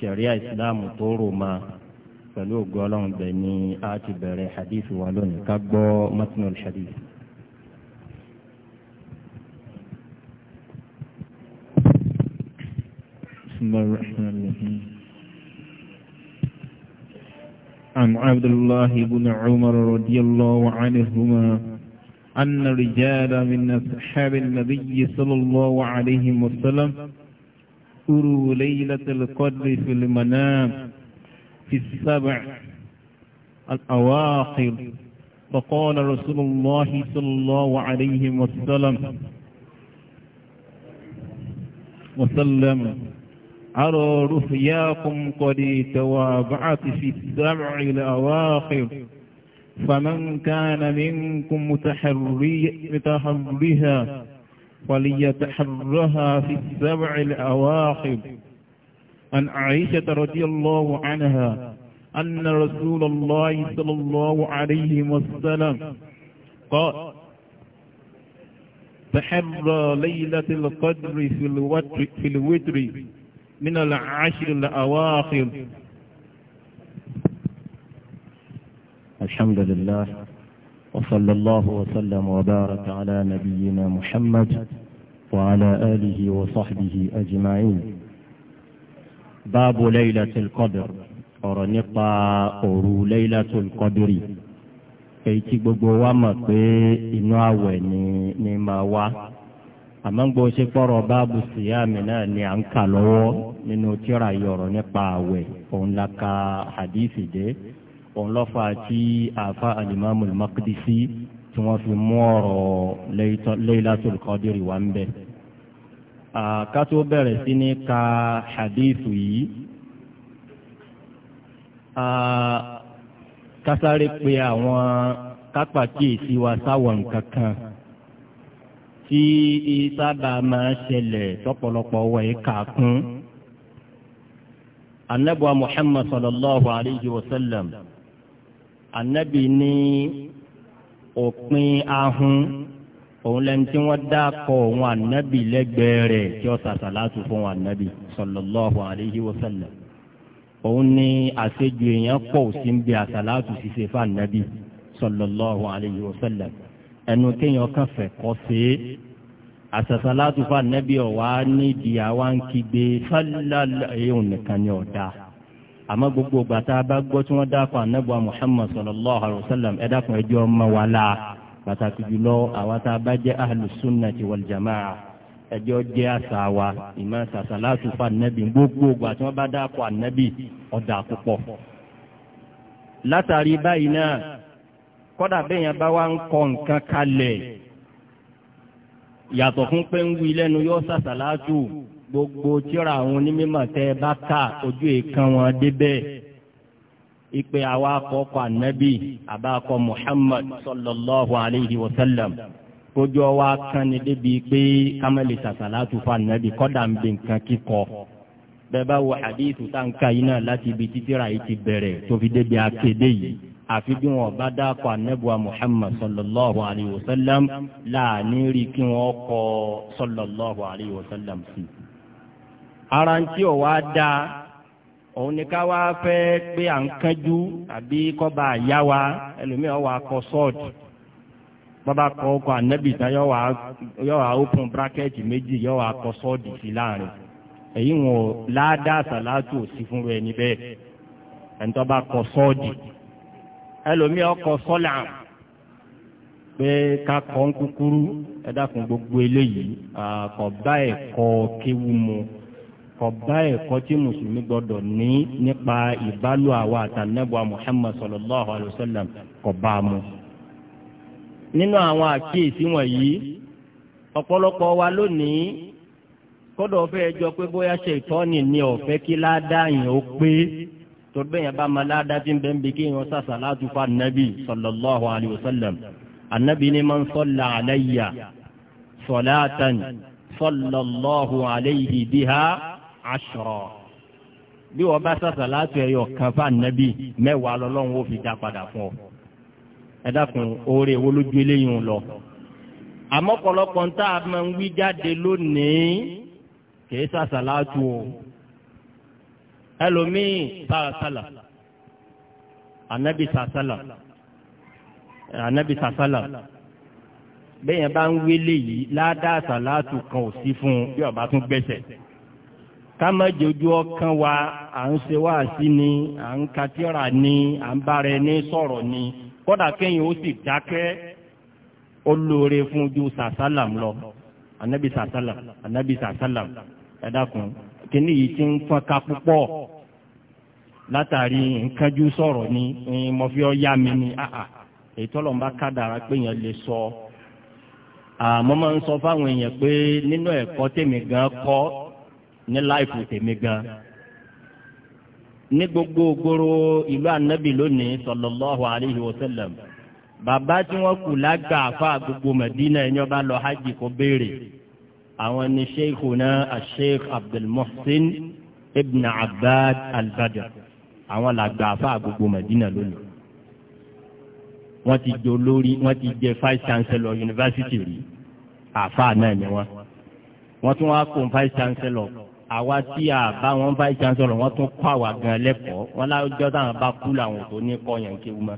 sẹ̀ríà ìsìláàmù tó rò ma pẹ̀lú ògo ọlọ́run bẹ̀ ni a ti bẹ̀rẹ̀ hadith wa lónìí ká gbọ́ matinul hadith. بسم الله الرحمن الرحيم عن عبد الله بن عمر رضي الله عنهما أن رجالا من أصحاب النبي صلى الله عليه وسلم اذكروا ليلة القدر في المنام في السبع الأواخر فقال رسول الله صلى الله عليه وسلم وسلم على رفياكم قد توابعت في السبع الأواخر فمن كان منكم متحريها وليتحرها في السبع الأواخر عن عائشة رضي الله عنها أن رسول الله صلى الله عليه وسلم قال تحرى ليلة القدر في الوتر, في الوتر من العشر الأواخر الحمد لله وصلى الله وسلم وبارك على نبينا محمد وعلى آله وصحبه أجمعين باب ليلة القدر أرنقى أرو ليلة القدر èyí tí gbogbo wa mọ̀ pé inú àwẹ̀ ni ni máa wá àmọ́ gbogbo ṣe pọ̀rọ̀ báàbù síyáàmì náà ni à ń kà lọ́wọ́ nínú tíra yọ̀rọ̀ nípa àwẹ̀ òun la ka hadisi dé òun lọ́fà tí àfa alimami makidisi tí wọ́n fi mú ọ̀rọ̀ Laylatul Qadri wà ń bẹ̀. ká tó bẹ̀rẹ̀ sí ní ka hadithu yìí kásáré pé àwọn kápákíyèsí wa sáwọn nǹkan kan tí sábà máa ṣẹlẹ̀ tọ́pọ̀lọpọ̀ wọ̀ ẹ́ kàkún. anabuwa Muhammad sallallahu alayhi wa sallam anabi ní òpin ahun òun lẹni tí wọ́n dá kọ òun anabi lẹ́gbẹ̀ẹ́ rẹ̀ tí ó sàṣàlátù fún anabi sallallahu alayhi wa sallam òun ní àṣejù èèyàn pọ̀ sí ń bi àṣàlátù ṣiṣẹ́ fún anabi sallallahu alayhi wa sallam ẹnu kéèyàn kàn fẹ́ kọ́ sí i àṣàṣàlátù fún anabi ọ̀wá nídìí àwa ń kígbe sálálà èèyàn nìkan ni ọ̀dà àmọ́ gbogbo ìgbà tá a bá gbọ́ tí wọ́n dákọ̀ anábọ̀ muhammad sallallahu alayhi wa sallam ẹ dákun ẹ jẹ́ ọmọ wa la pàtàkì jùlọ àwa tá a bá jẹ́ ahlus sunnati wal jamaa ẹ jẹ́ ọ jẹ́ àṣà wa ìmọ̀ sàṣàlátù fún anábì gbogbo ìgbà tí wọ́n bá dákọ̀ anábì ọ̀dà púpọ̀. látàrí báyìí náà kọ́dà bẹ́yẹn bá wá ń kọ nǹkan kalẹ̀ yàtọ̀ fún pé ń wí lẹ́nu yọ sàṣàlátù gbogbo tíra àwọn onímọ̀ tẹ́ bá kà ojú ìkan wọn débẹ̀ ìpè àwa kọ́kọ́ ànábì àbákọ́ Muhammad sallallahu alayhi wa sallam kójú ọwọ́ akanni débi pé kámẹ́lì sàṣàlátù fún ànábì kọ́dà ń bè nǹkan kíkọ́ bẹ́ẹ̀ bá wo hadithu tá n ka yìí náà láti ibi títíra yìí ti bẹ̀rẹ̀ tó fi débi akéde yìí àfi bí wọn bá dákọ̀ anabuwa muhammad sallallahu alayhi wa sallam láàánú rí kí wọn kọ sallallahu alayhi wa sallam sí i. ara ń tí ò wá da òun ni ká wá fẹ́ pé à ń kánjú àbí kọ́ba àyá wa ẹlòmíràn wà kọ sọ́ọ̀tù bọ́ba kọ ọkọ̀ ànẹ́bì tán yọ wà open bracket méjì yọ wà kọ sọ́ọ̀dì sí láàrin èyí wọn ládàá sàlátù òsì fún rẹ níbẹ̀ ẹ̀ńtọ́ bá kọ sọ́ọ̀dì ẹlòmí ọkọ sọ́là pé kakọ̀ ń kúkúrú ẹ̀dá fún gbogbo eléyìí àkọ́bá ẹ̀kọ́ kéwu mu kọba ẹ̀kọ́ tí mùsùlùmí gbọ́dọ̀ ní nípa ìbálò àwa àtànẹ́bùa muhammad sallallahu alayhi wa sallam kọba mu. nínú àwọn àkíyèsí wọ̀nyí ọ̀pọ̀lọpọ̀ wa lónìí kọ́dọ̀ fẹ́ jọ pé bóyá ṣe ìtọ́ni ní ọ̀fẹ́ kí ládàáyìn ó pé torí bẹ́yẹn bá ma ládàá tí ń bẹ́ẹ̀ ń bí kí wọ́n sàṣà láti fa nàbì sallallahu alayhi wa sallam ànàbì ni man salla alayya salatan sallallahu alayhi biha ashra bí wọ́n bá sàṣà láti ẹ̀yọ̀ kan fún ànábì mẹ́wàá lọ́lọ́run ó fi dá padà fún ọ ẹ dákun oore wo lójú eléyìí ń lọ. àmọ́ pọ̀lọpọ̀ ń tá a máa ń wí jáde lónìí kìí sàṣà láti o ẹlòmíì sàṣàlà ànábì sàṣàlà ànábì sàṣàlà bẹ́ẹ̀ yẹn bá ń wí léyìí ládàá sàlátù kan ò sí fún un bí ọba tún gbẹ̀sẹ̀ kámẹ́jọ́jú ọkàn wa à ń ṣe wá sí ni à ń katira ni à ń bára ẹni sọ̀rọ̀ ni kódà kéèyàn ó sì dákẹ́ ó lóore fún ju sàsálàm lọ anabi sàsálàm anabi sàsálàm ẹ dákun kíní ti ń fọ́nká púpọ̀ látàrí nkanjú sọ̀rọ̀ ni mọ̀fí ọ̀yá mi ni àà ètò ọlọ́mọba kádàrá pé yẹn lè sọ àmọ́ máa ń sọ fáwọn èèyàn pé nínú ẹ̀kọ́ tèmi gan kọ́ ní láìpù tèmi gan ní gbogbo ògbóró ìlú ànábì lónìí sallallahu alayhi wa sallam bàbá tí wọ́n kù lágbà àfa gbogbo mẹdínà ẹni ọba lọ hajj kó béèrè àwọn ni sheikhuna asheikh abdulmuhsin ibn abbad albadr àwọn làgbà àfa gbogbo mẹdínà lónìí wọ́n ti jẹ olórí wọ́n ti jẹ vice chancellor university rí àfa náà ni wọ́n wọ́n tún wá kó vice chancellor àwa tí a bá wọn bá ìjà sọ̀rọ̀ wọn tún kọ́ àwa gan lẹ́kọ̀ọ́ wọn láwùjọ táwọn bá kú làwọn tó ní kọ́ yẹn kéwú mọ́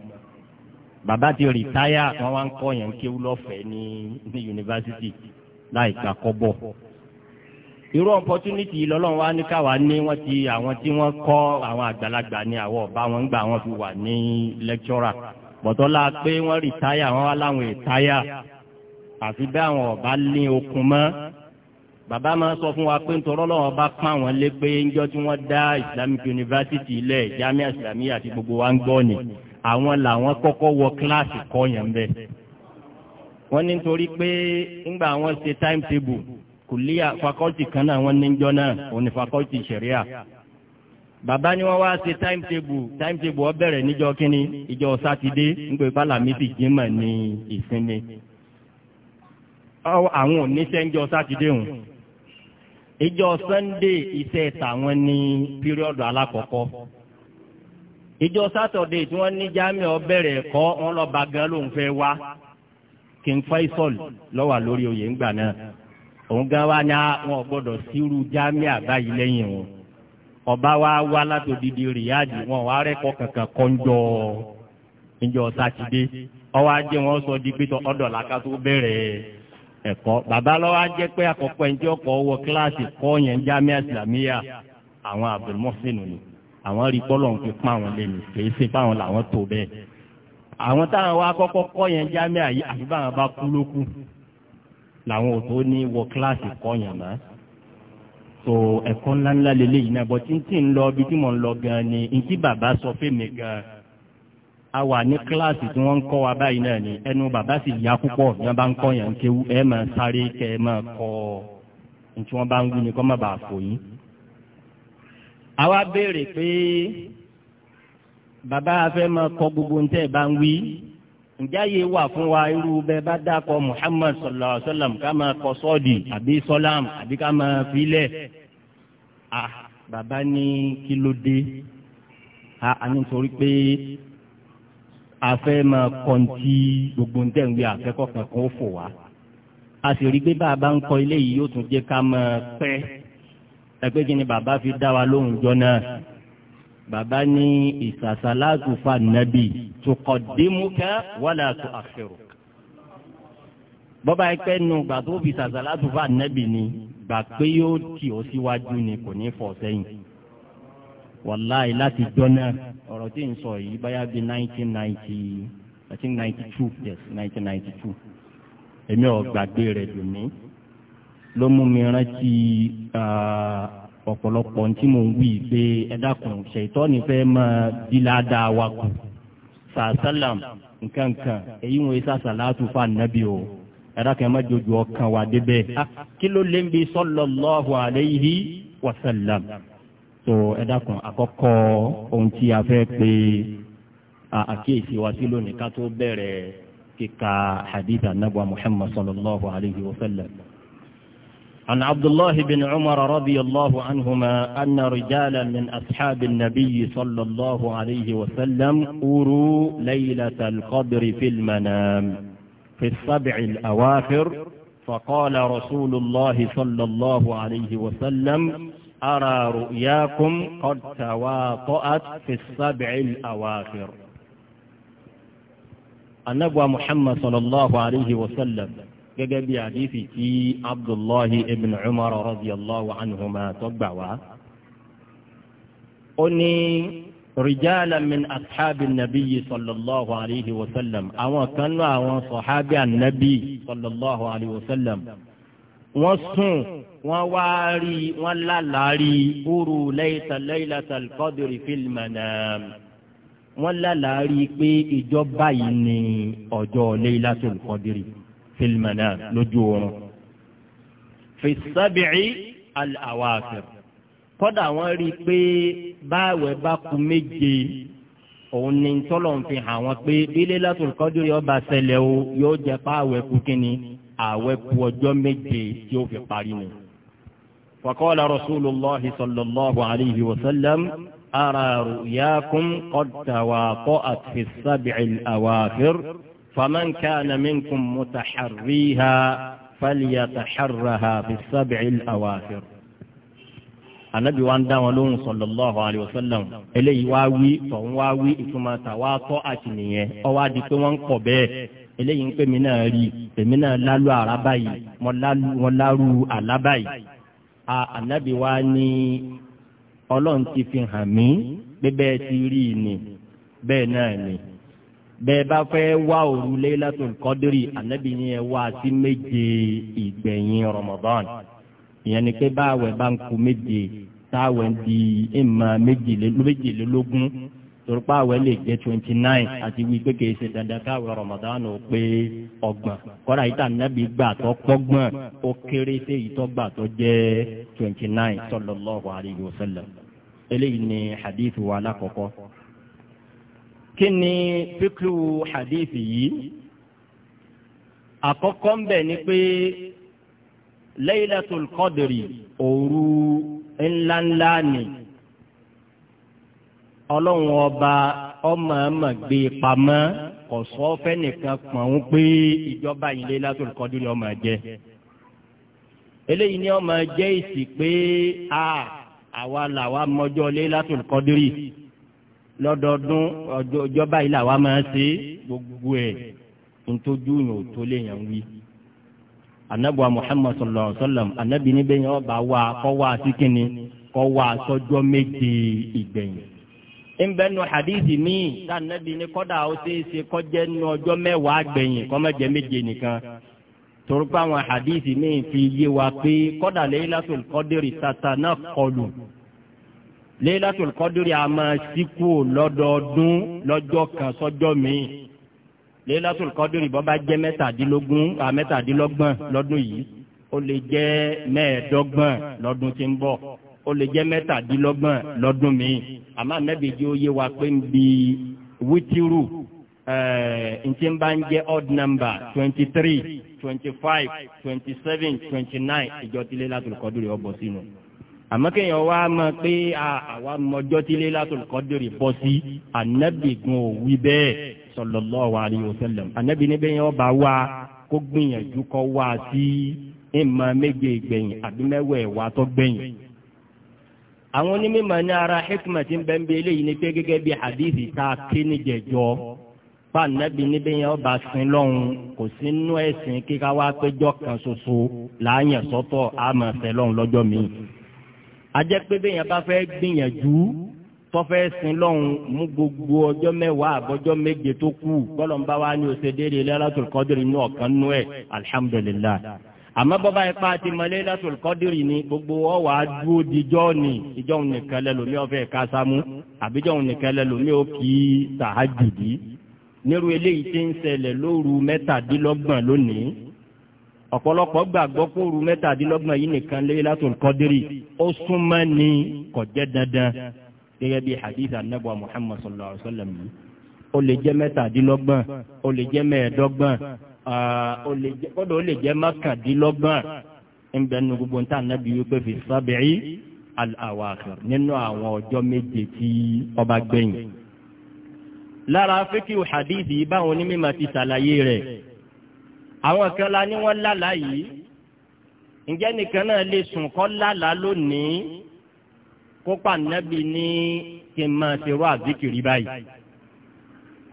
bàbá ti rìtáyà wọn wá ń kọ́ yẹn kéwú lọ́fẹ̀ẹ́ ní ní yunifásitì láì gbà kọ́bọ̀ irú opportunity lọ́lọ́run wá ní káwa ní wọ́n ti àwọn tí wọ́n kọ́ àwọn àgbàlagbà ní àwọ̀ bá wọn gbà wọn fi wà ní lecturer bọ̀tọ́lá pé wọ́n rìtáyà wọn wá láwọn ìtáyà àfi bẹ́ẹ̀ àwọn ọ̀bá ní okun mọ́ bàbá máa sọ fún wa pé ntọ́rọ́ lọ́wọ́ bá pọ́n àwọn lé pé ńjọ́ tí wọ́n dá islamic university ilẹ̀ jamiu islami àti gbogbo wa ń gbọ́ ni àwọn làwọn kọ́kọ́ wọ kíláàsì kọ́ yẹn bẹ́ẹ̀. wọ́n ní nítorí pé ńgbà àwọn ṣe time table kùlíà fakọ́lítì kan náà wọ́n ní ńjọ́ náà òun ni fakọ́lítì ṣẹ̀ríà. bàbá ni wọ́n wá ṣe time table time table ọ bẹ̀rẹ̀ níjọ́ kínní ìjọ sátidé ńgbè bálàmísì jímọ̀ ní ìsinmi. àwọn ò ìjọ sunday iṣẹ́ tàwọn ní píríọ̀dù alákọ̀ọ́kọ́ ìjọ sátọ̀dé tí wọ́n ní jámẹ́ ọbẹ̀rẹ̀ ẹ̀kọ́ wọn lọ bá gan ń fẹ́ wá King Faisal lọ́wà lórí oyè ńgbà náà òun gan wá ní àwọn ọ sírú lẹ́yìn wọn wa wá wọn wá rẹ́kọ̀ kankan ẹ̀kọ́ bàbá lọ́wọ́ á jẹ́ pé àkọ́kọ́ ẹni tí ọkọ̀ wọ kíláàsì kọ́ yẹn jámíà ìsìlámíyà àwọn Abdulmohsen ni àwọn rí kọ́ lọ́n fi pa àwọn lẹ́nu kì í ṣe fáwọn làwọn tó bẹ́ẹ̀ àwọn táwọn wa kọ́kọ́ kọ́ yẹn jámíà yìí àfi báwọn bá kú lókù làwọn ò tó ní wọ kíláàsì kọ́ yẹn mọ́ so ẹ̀kọ́ ńláńlá lélẹ́yìn náà bọ́ tí ń tì ń lọ ibi tí mò ń lọ gan ni ntí bàbá sọ fún gan a wà ní kíláàsì tí wọ́n ń kọ́ wa báyìí náà ni ẹnu bàbá sì yá púpọ̀ ní wọ́n bá ń kọ́ yàn ń kéwú ẹ máa sáré kẹ ẹ máa kọ́ ọ tí wọ́n bá ń wí ni kọ́ má bàa fò yín. àwa béèrè pé bàbá afẹ́ máa kọ́ gbogbo ń tẹ́ ẹ bá ń wí ǹjẹ́ àyè wà fún wa irú bẹ́ẹ̀ bá dákọ̀ Muhammad sallallahu alayhi wa sallam ká máa kọ sọ́ọ̀dì àbí sọ́lám àbí ká máa filẹ̀ ah bàbá ní kí ló dé ah, a ní torí pé afẹ́ máa kọ́ntì gbogbo ntẹ̀ ń gbé akẹ́kọ̀ọ́ kankan ó fò wá. a sì rí pé bàbá ń kọ ilé yìí yóò tún jẹ́ ká máa pẹ́ ẹgbẹ́ kí ni bàbá fi dá wa lóhùn jọ náà. bàbá ní ìsàsàlátù fa nàbì tuqaddimuka wala tu'akhiruka. bọ́bá ẹgbẹ́ nu gbà tó fi ìsàsàlátù fa nàbì ni gbà pé yóò tì ó síwájú ni kò ní fọ̀ sẹ́yìn wàláì láti jọ́nà ọ̀rọ̀ tí ń sọ yìí báyà bí nineteen i think ninety yes 1992. ninety two èmi ò gbàgbé rẹ̀ dùn mí ló mú mi rántí ọ̀pọ̀lọpọ̀ tí mo ń wí pé ẹ dákun ṣètọ́ ni fẹ́ máa bí ládàá wa kù sàásálàm nkankan èyí ń wo sàṣàlátù fún ànábì o ẹ dákun má jojú ọkàn wa débẹ̀ ah, kí ló lé ń bi sallallahu alayhi wa sallam. so ẹ̀dá kan àkọ́kọ́ ohun tí a fẹ́ pe àkíyèsí wa sí lónìí ká tó bẹ̀rẹ̀ kíka hadith anabuwa muhammad sallallahu alayhi wa sallam. عن عبد الله بن عمر رضي الله عنهما أن رجالا من أصحاب النبي صلى الله عليه وسلم أوروا ليلة القدر في المنام في السبع الأواخر فقال رسول الله صلى الله عليه وسلم أرى رؤياكم قد tawaqa'at في السبع الأواخر. النبوى محمد صلى الله عليه وسلم sallam gẹ́gẹ́ bí àdífì tí abdullahi ibn umar radiyallahu anhuma tó gbà wá ó ní رجالا من أصحاب النبي صلى الله عليه وسلم أو كانوا أو صحابي النبي صلى الله عليه وسلم wọ́n sùn wọ́n wá rí wọ́n lálàárí òru layta laylatal qadri fil manam wọ́n lálàárí pé ìjọba yìí ni ọjọ́ laylatul qadri fil manam lójú oorun. fi sab'i al-awasir kọ́dà wọ́n rí i pé báwẹ̀ bá ku méje òun ni tọ́lọ̀ ń fi hàn wọ́n pé bí laylatul qadri ọba ṣẹlẹ̀ o yóò jẹ́ pàwẹ̀ kú kínní àwẹ̀ kù ọjọ́ méje tí ó fi parí nù. faqala rasulullahi sallallahu alayhi wa sallam ara ru'yakum qad tawaqa'at fi as-sab'il awaakhir faman kana minkum mutaharriha falyataharraha fi as-sab'il awaakhir anabi wa ń dá wọn lóhùn sallallahu alayhi wa sallam eléyìí wá wí tọ̀hún wá wí ìtumọ̀ tàwa tọ́ àti nìyẹn ọwọ́ adi pé wọ́n kọ̀ bẹ́ẹ̀ eléyìí ń pè mí náà rí èmi náà lálù àràbà yìí mo lálù àlábà yìí a ànábì wa ní ọlọ́run ti fi hàn mí pé bẹ́ẹ̀ ti rí i ni bẹ́ẹ̀ náà ni bẹ́ẹ̀ bá fẹ́ wá òru Laylatul Qadri ànábì ni wá sí méje ìgbẹ̀yìn Ramadan ìyẹn ni pé báwẹ̀ bá ń ku méje táwẹ̀ ń di ìmọ̀ méjìlélógún torípa àwẹ̀ lè jẹ́ twenty nine àti wí pé kìí ṣe dandan káwé Ramadan ò pé ọgbọ̀n kọ́ra yìí tà nábì gbà tó pọ́gbọ̀n ó kéré sí èyí tó gbà tó jẹ́ twenty nine sallallahu alayhi wa sallam eléyìí ni hadith wa alákọ̀ọ́kọ́. kí ni fíkú hadith yìí àkọ́kọ́ ń bẹ ni pé Laylatul Qadri òru ńláńlá ni ọlọ́run ọba ọmọ ọmọ gbé e pamọ́ ọ̀sọ́ fẹ́nìkan pọ̀n ń pé ìjọba ilé Lailatul Qadr ni ọmọ jẹ eléyìí ni ọmọ jẹ èsì pé a àwa làwa mọjọ Lailatul Qadr lọ́dọọdún ìjọba ilé àwa máa ṣe gbogbo ẹ̀ ntójú yòó tó lè yàn wí anabuwa muhammad sallallahu alaihi wa sallam anabi níbẹ̀ yẹn ọba wa kọ́ wa síkínni kọ́ wa sọ́jọ́ méje ìgbẹ̀yìn nbẹ nu hadithi mi ta nabi ni kódà ó ṣe é ṣe kó jẹ́ nu ọjọ́ mẹ́wàá gbẹ̀yìn kó má jẹ́ méje nìkan torúkọ àwọn hadithi mi fi yé wa pé kódà Laylatul Qadri tata náà kọlù Laylatul Qadri a máa síkú lọ́dọọdún lọ́jọ́ kan sọ́jọ́ mi Laylatul Qadri bó bá jẹ́ mẹ́tàdínlógún à mẹ́tàdínlọ́gbọ̀n lọ́dún yìí ó lè jẹ́ mẹ́ẹ̀ẹ́dọ́gbọ̀n lọ́dún tí ń bọ̀ ó lè jẹ́ mẹ́tàdínlọ́gbọ̀n lọ́dún mi àmọ́ anábì jẹ́ ó wa pé ń bi wítírù ntí eh, ń bá ń jẹ́ odd number twenty three twenty five twenty seven twenty nine ìjọ tílé látòlùkọ́dúrì ọ̀bọ̀ sínú. àmọ́ kéèyàn wá mọ̀ pé àwa mọjọ́ tílé látòlùkọ́dúrì bọ́ sí anábì gun òwí bẹ́ẹ̀ sallallahu alayhi wa sallam anábì níbẹ̀ yẹn ọba wa kó gbìyànjú kọ́ wá sí ìmọ̀ méje ìgbẹ̀yìn àbí mẹ́wẹ̀ẹ́ wa tó gbẹ̀yìn àwọn onímọ̀ ní ara hikma ti ń bẹ́ ń bẹ eléyìí ni pé gẹ́gẹ́ bí hadithi tá a ké ní jẹjọ pa nàbí níbi yẹn ọba sin lọ́hùn kò sí nínú ẹ̀sìn kíkà wá péjọ kan ṣoṣo láàyàn sọ́tọ̀ àmọ́ fẹ́ lọ́hùn lọ́jọ́ mi. ajẹ́ pé bẹ́yẹn bá fẹ́ gbìyànjú tọ́fẹ́ sin lọ́hùn mú gbogbo ọjọ́ mẹ́wàá àbọ̀jọ́ méje tó kù bọ́lọ̀ ń bá wa ní oṣù déédéé lẹ́yìn látòkọ́dúnrún ní ọ̀kan nú ẹ̀ alihamudulilayi àmọ́ bọ́bá ipá ti mọlé látòlù kọ́dírì ni gbogbo ọ wà á dúró dijọ́ ni ìjọ́ òun nìkan lẹ́lòmí ọ̀fẹ́ kásámú àbíjọ́ òun nìkan lẹ́lòmí ó kì í sàájùdì nírú eléyìí ti ń ṣẹlẹ̀ lóru mẹ́tàdínlọ́gbọ̀n lónìí ọ̀pọ̀lọpọ̀ gbàgbọ́ kóru mẹ́tàdínlọ́gbọ̀n yìí nìkan lé látòlù kọ́dírì ó súnmọ́ ni kò jẹ́ dandan gẹ́gẹ́ bí hadith anabuwa muhammad sallallahu alayhi wa sallam yìí ó lè jẹ́ mẹ́tàdínlọ́gbọ̀n ó lè jẹ́ mẹ́ẹ̀ẹ́dọ́gbọ̀n Ah, kọ́dọ̀ ó lè jẹ́ mọ́kàndínlọ́gbọ̀n ńbẹ́nu gbogbo ń tà nábì wípé fi sábẹ́rì al-awakhir nínú àwọn ọjọ́ méje tí ọba gbẹ̀yìn. lára fíkì hadithi báwọn onímọ̀ ti ṣàlàyé rẹ̀ àwọn kan la ní wọ́n lálá yìí ǹjẹ́ nìkan náà lè sùn kọ́ lálá lónìí kópa nábì ní kí n máa ṣerú àzíkìrì báyìí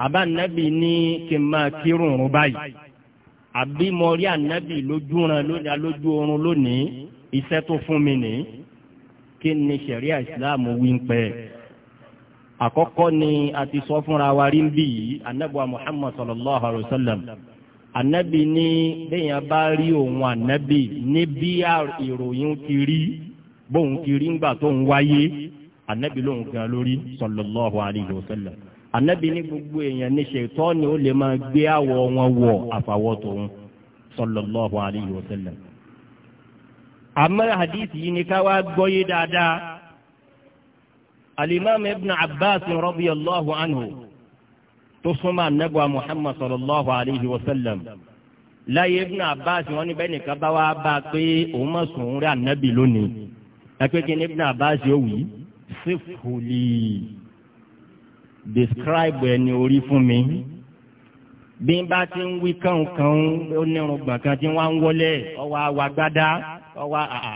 àbá nábì ní kí n máa kírun báyìí àbí mo rí ànábì lójú ran lónìí alójú oorun lónìí iṣẹ́ tó fún mi nìí kí ni sẹ̀ríà ìsìláàmù wí ń pẹ́ àkọ́kọ́ ni a ti sọ fúnra wa rí ń bí yìí anábùwà muhammad sallallahu alayhi wa sallam anábì ní bẹ́yìn bá rí òun anábì ní bí ìròyìn ti rí bóun ti rí ńgbà tó ń wáyé anábì lóun gan lórí sallallahu alayhi wa sallam ànábì ní gbogbo èèyàn ní ṣètọ́ni ó lè máa gbé àwọ̀ wọn wọ̀ àfàwọ̀ tòun sallallahu alayhi wa sallam. àmọ́ hadith yìí ni ká wá gbọ́yé dáadáa alimami ibn abbas radiyallahu anhu tó súnmọ́ anagba muhammad sallallahu alayhi wa láyé ibn abbas wọn ní nìkan bá wá bá a pé òun mọ̀ sùn rẹ̀ ànábì lónìí ẹ describe ẹni orí fún mi bí n bá ti ń wí kànkàn ó ní irùngbọ̀n kan tí wọ́n ń wọlé ọwọ́ àwa gbádá ọwọ́ àà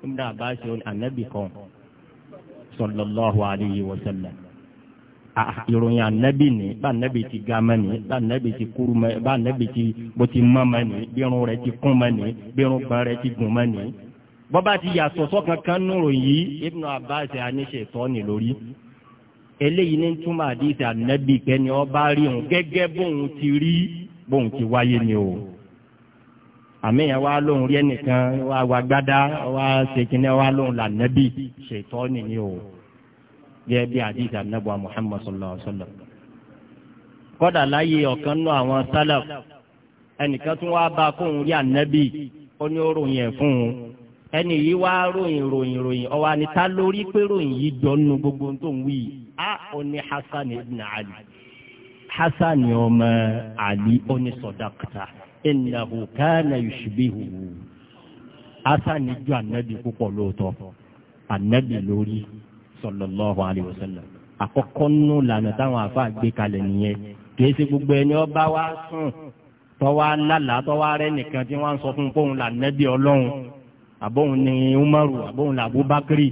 nígbà bá ṣe ànábì kan sallallahu alayhi wa sallam ìròyìn ànábì ni bá ànábì ti ga mọ́ ni bá ànábì ti kúrú mọ́ bá ànábì ti bó ti mọ́ mọ́ ni bí irun rẹ̀ ti kún mọ́ bí irun gbọ́n rẹ̀ ti gùn mọ́ ni bọ́bá ti yàtọ̀ sọ́kàn kan nù ròyìn Ibn Abbas àníṣe tọ́ ni lórí eléyìí ní túmọ̀ àdìsí ànábì kẹ́ni ọba rí òun gẹ́gẹ́ bóun ti rí bóun ti wáyé ni o àmì yẹn wá lóhùn rí ẹnìkan wá wá gbádá wá ṣèkínní wá lóhùn lànàbì ṣètọ́ nìyí o gẹ́gẹ́ bí àdìsí ànábì Muhammad sallallahu alaihi wasallam kọ́dà láyé ọ̀kan nú àwọn sálàf ẹnìkan tún wá bá kóhùn rí ànábì ó ní ó ròyìn ẹ̀ fún un ẹnì yìí wá ròyìn ròyìn ròyìn ó wá ta lórí pé ròyìn yìí jọ nínú gbogbo tó ń wí yìí a oní hasan ibn ali hasan ọmọ ali oní sọdakta innahu kana yushbihu hasan ju anabi púpọ̀ lóòótọ́ anabi lórí sallallahu alayhi wa sallam àkọ́kọ́ nù lànà táwọn afa gbé kalẹ̀ nìyẹn kìí ṣe gbogbo ẹni ọba wa sùn tọ́wọ́ alálà tọ́wọ́ arẹ nìkan tí wọ́n sọ fún pọ́ùn lànàbí ọlọ́run àbóhùn ní umaru àbóhùn làbúbákírì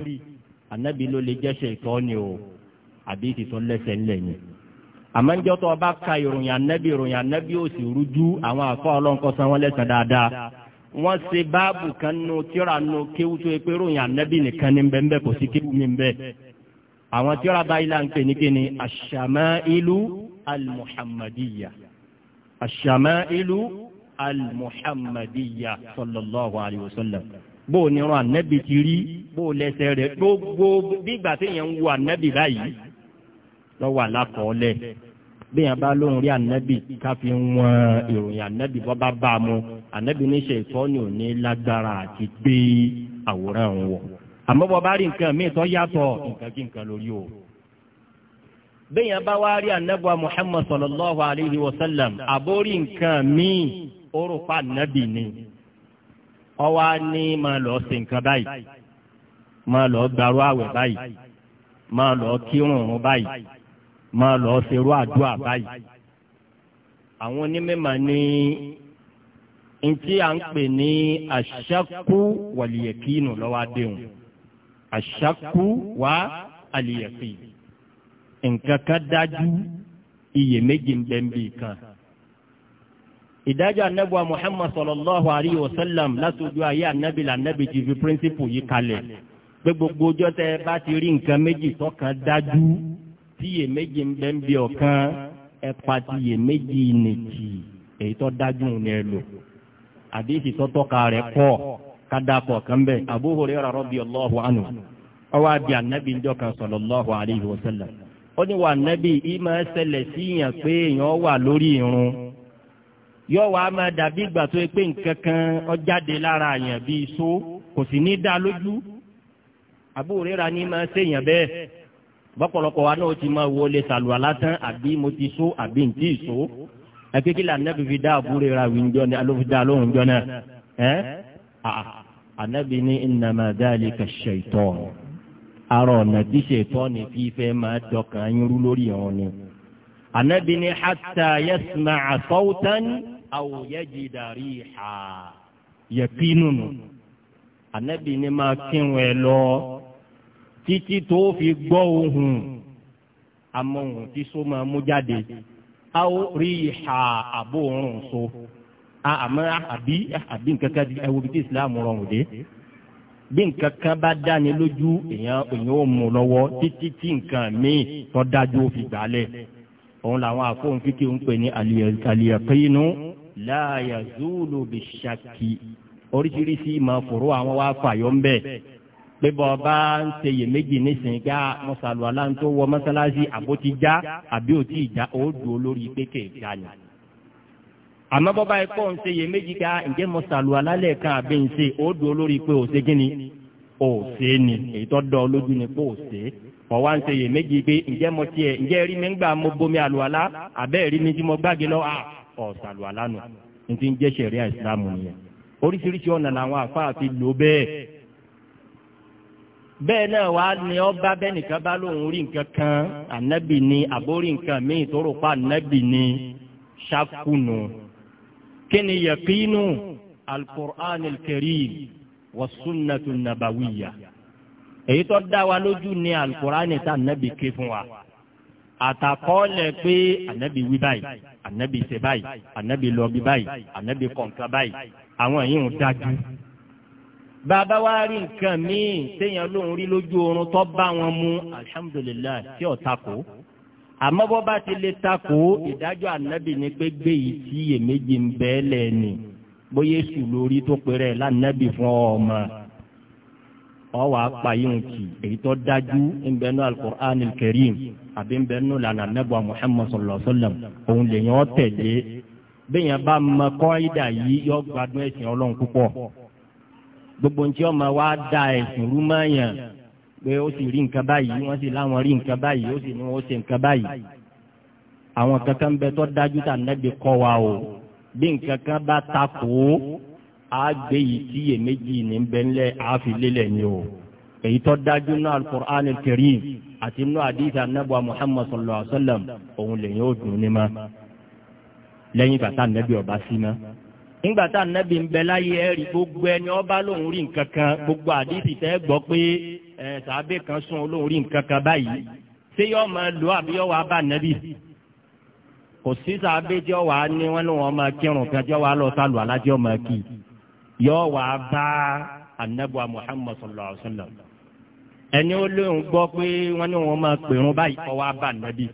ànábì ló lè jẹ́ ṣètọ́ ni o àdéhìí tó lẹ́sẹ̀ ńlẹ̀ ni. àmọ́ ń jọ́ tó ọba ka ìròyìn ànábì ìròyìn ànábì ò sì rújú àwọn àfọ́ ọlọ́nkọ́ san wọ́n lẹ́sẹ̀ dáadáa. wọ́n ṣe báàbù kan nu tíra nu kéwú tó pé ròyìn ànábì nìkan ní bẹ́ẹ̀ kò sí kéwú mi bẹ́ẹ̀. àwọn tíra báyìí là ń pè ní kíni aṣ-ṣamā'ilu al-muhammadiyya aṣ-ṣamā'ilu sallallahu alayhi wa sallam bó o ní ran ànábì ti rí bó o lẹ́sẹ̀ rẹ̀ gbogbo bí ìgbà téèyàn ń wo ànábì báyìí lọ́wọ́ alákọ̀ọ́lẹ̀ bí yẹn bá lóhùn rí ànábì ká fi wọn ìròyìn ànábì bọ́ bá bá a mu ànábì níṣẹ́ ìtọ́ni ò ní lágbára àti gbé àwòrán òun wọ̀ àmọ́ bọ́ bá rí nǹkan míì tó yàtọ̀ nǹkan kí nǹkan lórí o. bí yẹn bá wá rí ànábì Muhammad sallallahu alayhi wa sallam àbórí nǹkan míì ó rò ni ọwọ́ á ní máa lọ sí nǹkan báyìí máa lọ gbarú àwẹ̀ báyìí máa lọ kírun báyìí máa lọ ṣerú àdúrà báyìí. àwọn onímọ̀ ní ntí à ń pè ní àṣàkú wàlìyẹ̀kínù lọ́wọ́ adéhùn àṣàkú wà àlìyẹ̀kín nǹkan kan dájú iyèméjì ń bẹ́ẹ̀ bí kan ìdájọ́ anábọ̀ muhammad sallallahu alayhi wa sallam látọjú ayé anábì lànábì ti fi píríncípù yìí kalẹ̀ pé gbogbo ọjọ́ tẹ bá ti rí nǹkan méjì tọ́kan dájú méjì ń bẹ́ ń bí ọ̀kan ẹ̀pa méjì nìtì èyí dájú ní ẹ àdéhì tọ́tọ́ka rẹ̀ pọ̀ kádàpọ̀ kan bẹ́ẹ̀ Abu Hurairah radiyallahu anhu ọwọ́ àbí ànábì ń dọ́kan ó ní wà ìmọ̀ ẹsẹ̀lẹ̀ sí yàn pé èèyàn wà lórí irun wà máa dàbí ìgbà tó yẹ pé lára àyàn so kò sì ní dá lójú ní bẹ́ẹ̀ bọ́pọ̀lọpọ̀ wa náà ti máa wọlé sàlùwàlá tán àbí mo ti so àbí n tí ì so akéèké là nẹ́bi fi dá àbúrò ra wí njọ́ náà ló fi dá lóhùn njọ́ náà ẹ́ ànábi ní innama dhalika shaytan arọ ọ̀nà tí ṣètọ́ ni fífẹ́ máa dọkàn yín lórí ọ̀hún ni ànábi ní hatta yasma'a sawtan aw yajida riha yaqinun ànábi ní máa kírun ẹ lọ́ọ́ títí tó fi gbọ́ ohùn àmọ́ ohùn tí so máa mú jáde a ó rí ìhà àbò òórùn so àmọ́ àbí àbí nǹkan kan ẹ wo bí tí Islam rọrùn dé bí nǹkan kan bá dáni lójú èèyàn èèyàn ò mú lọ́wọ́ títí tí nǹkan míì tó dájú ó fi gbálẹ̀ òun làwọn àfóhùn fíkì ń pè ní àlìyàkínú láàyà zúlù bìṣàkì oríṣiríṣi ìmọ̀ fòrò àwọn wá fàyọ́ ń bẹ́ẹ̀ pé bọ́ ọba ń ṣe iyèméjì nísìnyí gá mọ́sálù aláǹtó wọ mọ́sálásí àbótí já àbí òtí ìjà ó dùn olórí pékè ìjà ni. àmọ́ bọ́ba ẹ̀kọ́ ń ṣe iyèméjì gá ǹjẹ́ mọ́sálù alálẹ̀ kan àbí ń ṣe ó dùn olórí pé òṣè kí ni òṣè ni èyí tó dán lójú ni pé òṣè wọ́n wá ń ṣe iyèméjì pé ǹjẹ́ mo tiẹ̀ ǹjẹ́ rí mi ńgbà mo bomi àlùwàlá àbẹ́ rí mi tí mo gbági lọ ọ̀sàlùwàlá nù bẹ́ẹ̀ náà wàá ní ọba bẹ́nìkan bá lóun rí nǹkan kan ànábì ni àbórí nǹkan míì tó rò pa ànábì ni ṣàkùnù kí ni yẹ̀kínú alukur'an karim wa sunnatu nabawiya èyí tó dá wa lójú ni alukur'an ta ànábì ké fún wa àtàkọ́lẹ̀ pé ànábì wí báyìí ànábì ṣe báyìí ànábì lọ bí báyìí ànábì kọ̀ǹkà báyìí àwọn èyí ń dájú bàbá wa rí nǹkan míì téèyàn lòún rí lójú oorun tó bá wọn mú alhamdulilayi tí ò takò àmọ́ bọ́ bá ti lè takò ìdájọ́ ànábì ni pé gbé yìí tí èméjì ń bẹ́ẹ̀ lẹ̀ ni bóyá èsù lórí tó péré lánàbì fún ọmọ ọwọ́ apayéhùn kì èyí tó dájú ńbẹ́nu alukur'an kẹrìm àbí ńbẹ́nu lànà nẹ́bùà muhammad sallallahu alayhi òun lèyàn tẹ̀lé bẹ́ẹ̀ yẹn bá mọ kọ́ ìdá yìí yọ gbádùn ẹ̀sìn ọlọ́run púpọ̀ gbogbo ntí ọmọ wa da ẹ̀sìn rúmọ̀yàn pé ó sì rí nǹkan báyìí wọ́n sì láwọn rí nǹkan báyìí ó sì ní wọ́n ṣe nǹkan báyìí àwọn kankan bẹ tó dájú tà nẹ́bi kọ́ wa o bí nǹkan kan bá ta kó a gbé yìí tí iyèméjì ní bẹ́ńlẹ̀ àfilélẹ̀ ni o èyí tó dájú náà alukur'an karim àti inú àdìsí anábọ̀ muhammad sallallahu alayhi wa sallam òun lè yóò dùn ní ma lẹ́yìn bàtà nẹ́bi ọba sí ma ńgbàtà nẹ́bí ń bẹ láyé ẹ̀rí gbogbo ẹni ọba lòun rí nǹkan kan gbogbo àdìsí tẹ́ gbọ́ pé ẹ̀ sàbẹ̀ kan sún lòun rí nǹkan kan báyìí ṣé yọ ọmọ lò àbí yọ wà bá nẹ́bí kò sí sàbẹ̀ jọ wà ní wọn ní wọn máa kírun kan jọ wà lọ sálù alájọ máa kì yọ wà bá anabu muhammad sallallahu alaihi wa sallam ẹni ó lóun gbọ́ pé wọn ní wọn máa pèrún báyìí kọ́ wà bá nẹ́bí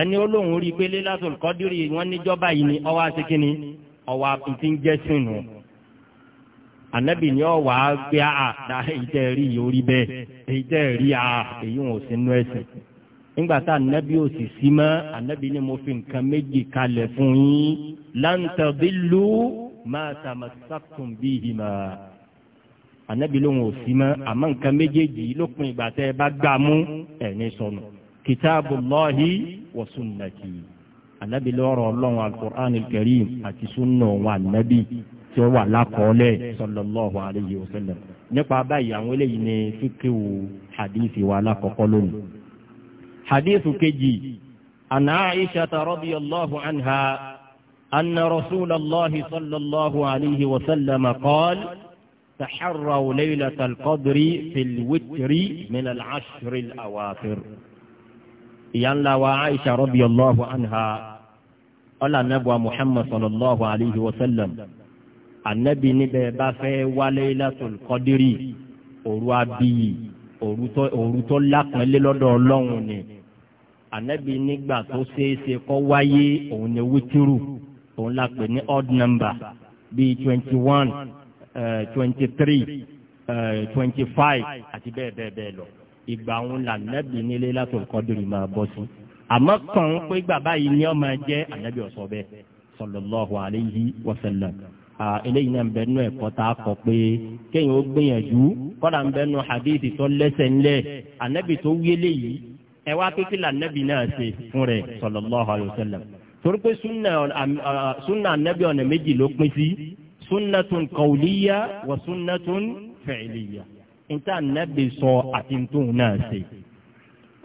ẹni ó lóun rí pé lélásòlùkọ́dírì wọn níjọ́ ọwọ́ àpìtì ń jẹ́ sínú ànábì ni ọwọ́ á gbé àdá ìtẹ́ rí yìí orí bẹ́ẹ̀ ìtẹ́ rí à èyí wọn ò sínú ẹ̀sìn nígbà tá ànábì ò sì sí mọ́ ànábì ni mo fi nǹkan méjì kalẹ̀ fún yín láǹtàbílù máa tàmásàkùn bíi ìmọ̀ ànábì ló ń ò sí mọ́ àmọ́ nǹkan méjèèjì lópin ìgbà tẹ́ ẹ bá gbà mú ẹ̀ sọnù kìtàbùlọ́hì wa sunnati ànábì lọ́rọ̀ ọlọ́run alukur'an karim àti sunna òun ànábì tí ó wà lákọọ́lẹ̀ sallallahu alayhi wa sallam nípa báyìí àwọn eléyìí ni fíkìwù hadith wa lákọ̀ọ́kọ́ lónìí. hadith kejì an Aisha radiyallahu anha أن رسول الله صلى الله عليه وسلم قال تحروا ليلة القدر في الوتر من العشر الأواخر يلا وعائشة رضي الله عنها ọlá anábùwà muhammad sallallahu alayhi wa sallam anábì níbẹ̀ bá fẹ́ wálé lásòlù kọ́dírì òru abiyì òru tó lápẹ́lẹ́ lọ́dọ̀ ọlọ́run ni anábì nígbà tó ṣeéṣe kọ́ wáyé òun ni wítírù òun la ní odd number bíi twenty one eh, twenty three eh, twenty five àti bẹ́ẹ̀ bẹ́ẹ̀ bẹ́ẹ̀ lọ ìgbà òun là nábì nílé lásòlù kọ́dírì máa bọ́ sí àmọ́ kàn ń pé bàbá yìí ni ọmọ jẹ́ ànábì ọ̀sọ́ bẹ́ẹ̀ sallallahu alayhi wa sallam eléyìí náà ń bẹ nú ẹ̀kọ́ tá a kọ̀ pé kéèyàn ó gbìyànjú kọ́dà ń bẹ nú hadith tó lẹ́sẹ̀ ńlẹ̀ ànábì tó wílé yìí ẹ wá kékeré lànábì náà ṣe fún rẹ̀ sallallahu alayhi torí pé sunna ànábì ọ̀nà méjì ló pín sí sunnatun qawliya wa sunnatun fi'liya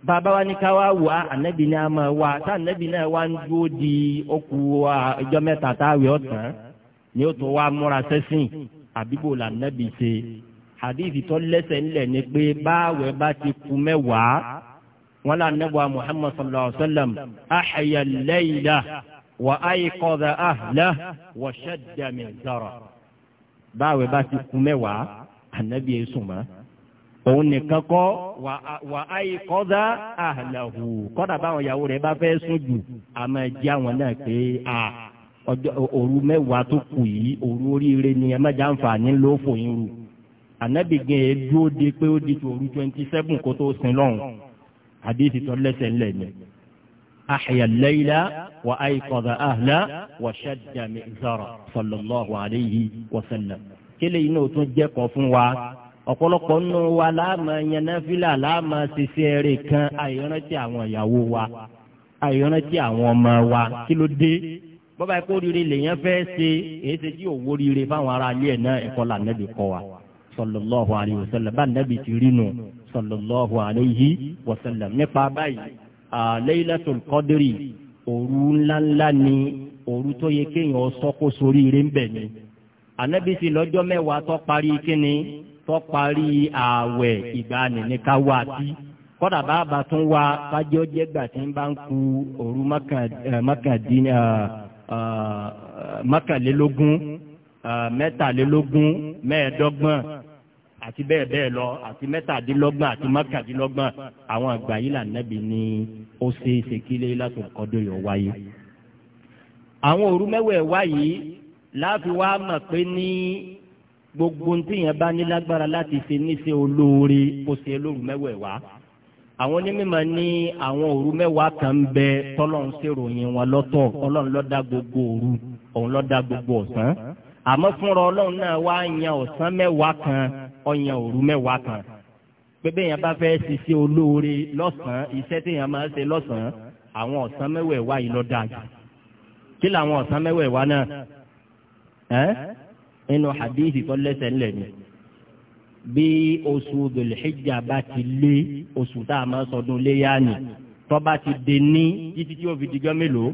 bàbá wa ní ká wá wà ànábì ní a máa wà tá ànábì náà wá ń dúró di okù wa ọjọ́ mẹ́ta táwé ọ̀tàn ni ó tún wá múra sẹ́sìn àbíbò là ànábì ṣe hadithi tó lẹ́sẹ̀ ńlẹ̀ ni pé báwẹ̀ bá ti ku mẹ́wàá wọn là ànábì wa muhammad sallallahu alayhi wa sallam ahya al-layla wa ayqadha ahlahu wa shadda min zara báwẹ̀ bá ti ku mẹ́wàá ànábì yẹn sùn òun nìkan kọ́ wà á yí kọ́dá àhàlàhù kọ́dà báwọn ìyàwó rẹ̀ bá fẹ́ sùn jù àmọ́ ẹ̀jẹ̀ àwọn náà pé a òru mẹ́wàá tó kù yìí òru oríire ni ẹ má jà ń fà ní lófò yín rù ànábì ẹ dúró de pé ó di tòru twenty seven kó tó sin lọ́hùn àdéhìí tó lẹ́sẹ̀ ńlẹ̀ ni. أحيا الليل وأيقظ أهله وشد مئزره صلى الله عليه وسلم كلي نوتون جاكو فنوا ọ̀pọ̀lọpọ̀ nínú wa láàmà yanáfílà láàmà ṣiṣẹ́ eré kan àìrántí àwọn ìyàwó wa àìrántí àwọn ọmọ wa kí ló dé bọ́bá ẹ̀kọ́ rire lèyàn fẹ́ ṣe èyí ṣe tí òwò rire fáwọn ará ilé ẹ̀ náà ẹ̀kọ́ là nẹ́bí kọ́ wa sallallahu alayhi wa sallam bá nẹ́bí ti rí nu sallallahu alayhi wa sallam nípa báyìí Laylatul Qadri òru ńláńlá ni òru tó yẹ kéèyàn sọ́kó sórí ire ń bẹ̀ ni ànábìsí lọ́jọ́ mẹ́wàá tó parí kíni tó parí ààwẹ̀ ìgbà nìníkà wá sí kọ́dà bá bá tún wá kájọ́ jẹ́gbà tí ń bá ń ku òru mọ́kànlélógún mẹ́tàlélógún mẹ́ẹ̀ẹ́dọ́gbọ̀n àti bẹ́ẹ̀ bẹ́ẹ̀ lọ àti mẹ́tàdínlọ́gbọ̀n àti mọ́kàndínlọ́gbọ̀n àwọn àgbà yìí là nẹ́bi ni ó ṣe é ṣe kí lé láti ọkọ̀dọ̀ yọ wáyé. àwọn òru mẹ́wẹ̀ẹ́ wáyé láàfin wá mọ̀ pé ní gbogbo ní tíyẹn bá ní lágbára láti ṣe níṣẹ́ olóore kó ṣe lóru mẹ́wẹ̀ẹ̀wá àwọn onímọ̀ ní àwọn òru mẹ́wàá kan ń bẹ tọ́lọ́run ṣèròyìn wọn lọ́tọ̀ ọlọ́run ló dá gbogbo òru òun ló dá gbogbo ọ̀sán àmọ́ fúnra ọlọ́run náà wá yan ọ̀sán mẹ́wàá kan ọ̀yan òru mẹ́wàá kan pépé yẹn bá fẹ́ ṣiṣẹ́ olóore lọ́sàn-án iṣẹ́ tí yẹn máa ṣe lọ́sàn-án àwọn ọ̀sán nínú hadithi tó lẹ́sẹ̀ ńlẹ̀ ni bí oṣù dòlìhíjà bá ti lé oṣù tá a máa sọdún léyà ni tó bá ti dé ní títí tí ó fi dijọ́ mélòó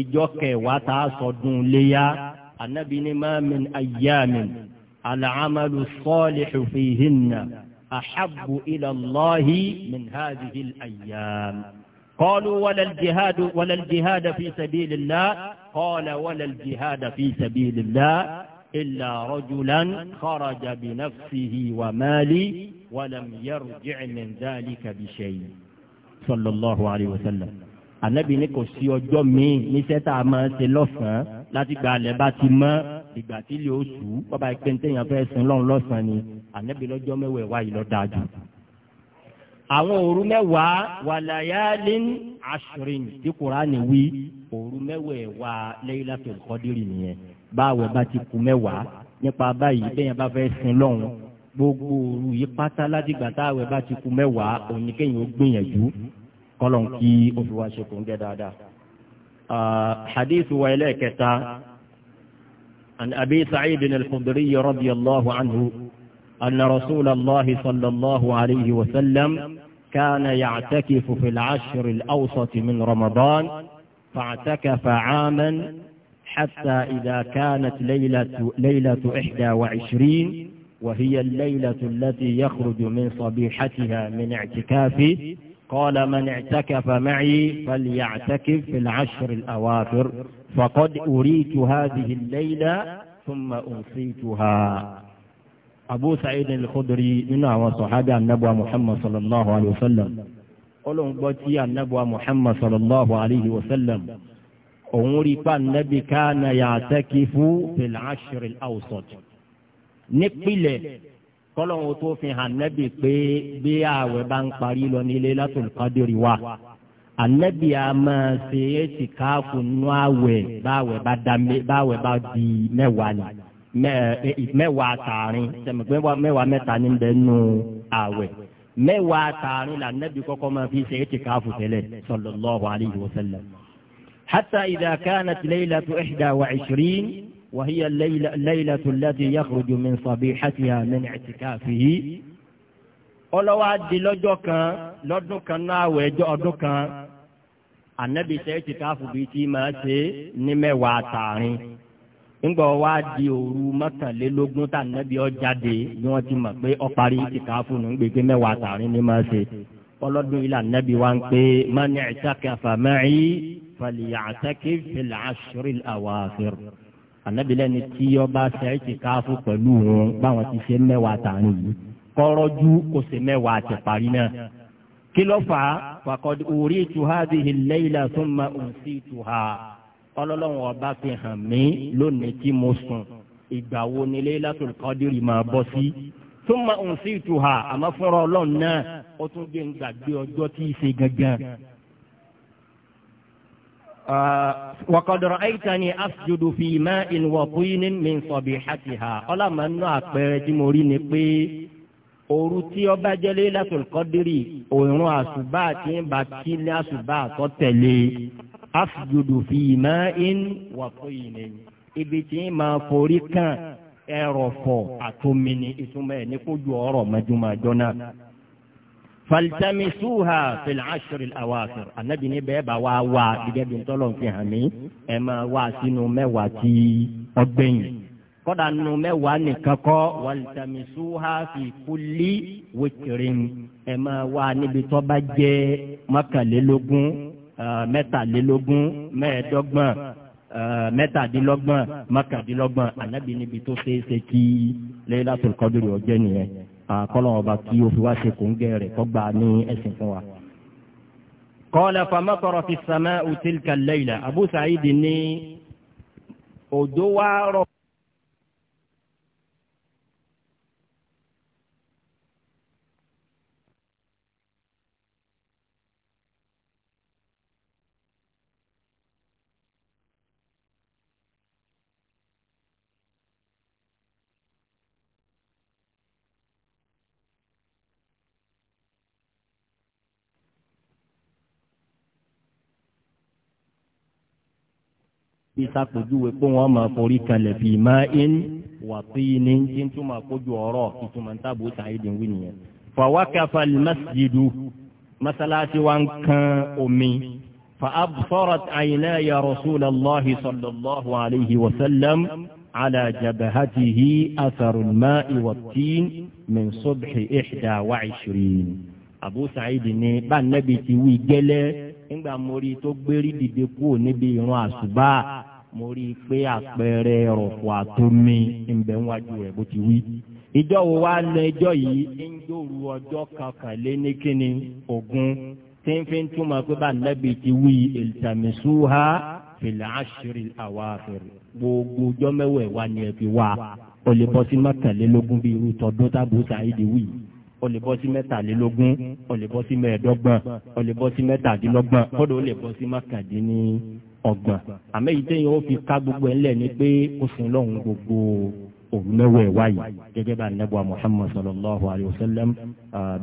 ìjọ kẹwàá tá a sọdún léyà anabi ni ma min ayyamin al'amalu salihu fihinna ahabbu min hadhihi ayyam قالوا ولا الجهاد ولا الجهاد في سبيل الله قال ولا الجهاد في سبيل الله إلا رجلا خرج بنفسه ومالي ولم يرجع من ذلك بشيء صلى الله عليه وسلم anabi ní kò sí ọjọ́ míì níṣẹ́ tá a máa ṣe lọ́sàn-án láti gba alẹ́ bá ti mọ́ ìgbà tí ilé oṣù bọ́ba ẹgbẹ́ ní tẹ̀yàn fẹ́ sin lọ́run lọ́sàn-án ni anabi lọ́jọ́ mẹ́wàá wáyé lọ́ dáa jù. àwọn òru mẹ́wàá wàlàyálín àṣírin tí kùránì wí òru mẹ́wàá wà Laylatul Qadri nìyẹn báwẹ̀ bá ti kù mẹ́wàá nípa báyìí bẹ́yẹn bá fẹ́ sin lọ́hùn gbogbo òru yìí pátá ládìgbà táwẹ̀ bá ti kù mẹ́wàá òní kéyìn ó gbìyànjú kọ́lọ̀n kí òfin wa ṣe kò ń gẹ́ dáadáa. حديث وإليك عن أبي سعيد الخدري رضي الله عنه أن رسول الله صلى الله عليه وسلم كان يعتكف في العشر الأوسط من رمضان فاعتكف عاما حتى إذا كانت ليلة, ليلة إحدى وعشرين وهي الليلة التي يخرج من صبيحتها من اعتكافه قال من اعتكف معي فليعتكف في العشر الأواخر فقد أريت هذه الليلة ثم أنصيتها أبو سعيد الخدري من هو صحابة النبوة محمد صلى الله عليه وسلم قلوا بطي النبوة محمد صلى الله عليه وسلم òun rí pa nẹ́bí káàna yàtẹ́kì fún fil ashr al awsat nípìlẹ̀ kọ́lọ́hún tó fi hàn nẹ́bí pé bí ààwẹ̀ bá ń parí lọ ní Lailatul Qadri wa ànẹ́bí a máa ṣe é ti káàkù nú ààwẹ̀ báwẹ̀ bá di mẹ́wàá ni mẹ́wàá tààrin mẹ́wàá mẹ́ta ní bẹ́ẹ̀ nù ààwẹ̀ mẹ́wàá tààrin là nẹ́bí kọ́kọ́ máa fi ṣe é ti káàkù tẹ́lẹ̀ sallallahu alayhi wa حتى إذا كانت ليلة إحدى وعشرين وهي الليلة, الليلة التي يخرج من صبيحتها من اعتكافه ọlọ́wọ́ di lọ́jọ́ kan lọ́dún kan náà wẹ̀ ẹjọ́ ọdún kan ànábì ṣe ìtìkáfù bíi tí máa ṣe ní mẹ́wàá tààrin ńgbọ́ wa di òru mọ́kànlélógún tá ànábì ó jáde ni wọ́n ti mọ̀ pé ó parí ìtìkáfù nù ń gbé mẹ́wàá tààrin ní máa ṣe ọlọ́dún yìí là ànábì wa ń pé man i'takafa ma'i. فليعتكف في العشر الأواخر Ànábì lẹ́ni tí ọba ṣe ìtìkáfù pẹ̀lú òun báwọn ti ṣe mẹ́wàá tààrin yìí kọ́rọ́jú kò sí mẹ́wàá àti parí náà. kí ló fà á faqad uritu hadhihi al-layla thumma unsituha ọlọ́lọ́wọ́n ọba fi hàn mí lónìí tí mo sùn ìgbà wo ni Laylatul Qadri máa bọ́ sí. thumma unsituha àmọ́ fúnra ọlọ́run náà ó tún gbé ń gbàgbé ọjọ́ tí ì ṣe gangan Uh, wọ̀kọ̀dọ̀rọ̀ àìta ni asjudu fi máa in wọ̀kú ní min sọ̀bì àtìhà ọlọ́mọ inú àpẹẹrẹ tí mo rí ni pé òru tí ọba jẹ́lé látòlù kọ́dírì òórùn àṣùbà àti ìbá kí ní àṣùbà àtọ́ tẹ̀lé asjudu fi máa in wọ̀kú ní ibi tí ń máa forí kan ẹrọ̀fọ̀ àtomi ìtumọ̀ ẹ̀ ní kójú ọ̀rọ̀ mẹ́jọ́mọ́jọ́ náà falitamisuha filaṣiri awakir anabi ni bẹ́ẹ̀ bá wá wá gẹ́gẹ́ bí ntọ́lọ̀ fi hàn mí ẹ máa wá sínú mẹ́wàá tí ọgbẹ́yìn kọ́dà nù mẹ́wàá nìkan kọ́ walitamisuha fi kulli witrin ẹ máa wá níbi tó bá jẹ́ mọ́kànlélógún mẹ́tàlélógún mẹ́ẹ̀ẹ́dọ́gbọ̀n mẹ́tàdínlọ́gbọ̀n mọ́kàndínlọ́gbọ̀n anabi níbi tó ṣeé ṣe kí Laylatul Qadr ọjẹ́ nìyẹn àkọlọ́wọ́ ọba kí o fi wá ṣe kòńgẹ́ rẹ̀ kọ́ gbà ní ẹ̀sìn fún wa. kọ́lá famakọ̀rọ̀ fi sàmẹ́ òtílkà lẹ́yìnlá Abu Sa'id ní òjò wá rọ̀. fi sàpèjúwe pé wọ́n máa forí kalẹ̀ fi máa ń wà pé ní tí ń túmọ̀ kójú ọ̀rọ̀ ìtumọ̀ ń tàbó sàyédì wí nìyẹn. fàwákàfà masjidu masalasi wa ń kan omi fa'absorat àyìnlá ya rasulallahi sallallahu alayhi wa sallam ala jabahatihi asarul ma'i wa min subhi ihda wa ishirin. abu sa'id ni bá nẹ́bi ti wí gẹ́lẹ́ nígbà mórí tó gbérí dìde kúrò níbi ìran àṣùbà mo rí i pé àpẹẹrẹ ọ̀pọ̀ àtomi ńbẹ wájú rẹ̀ bó ti wí. ìjọ wo wá lẹ ẹjọ yìí ń dòru ọjọ́ kankanléníkíni ogun tí ń fi ń túmọ̀ pé bá nẹ́bi ti wí ìlítàmísúhá fìlà àṣírí àwa àfẹ̀rẹ̀ gbogbo ọjọ́ mẹ́wẹ̀ẹ́ wa ni ẹ fi wá o mọ́kànlélógún bíi irú tọdún tábù sàáìdì wí o mẹ́tàlélógún o mẹ́ẹ̀ẹ́dọ́gbọ̀n o mẹ́tàdínlọ́gbọ̀n kódà o lè ọgbọ̀n àmọ́ èyí tẹ́yìn ó fi ká gbogbo ẹ̀ ńlẹ̀ ni pé ó sin lọ́hùn gbogbo òun mẹ́wẹ̀ wáyé gẹ́gẹ́ bá nẹ́bù Muhammad sallallahu alayhi wa sallam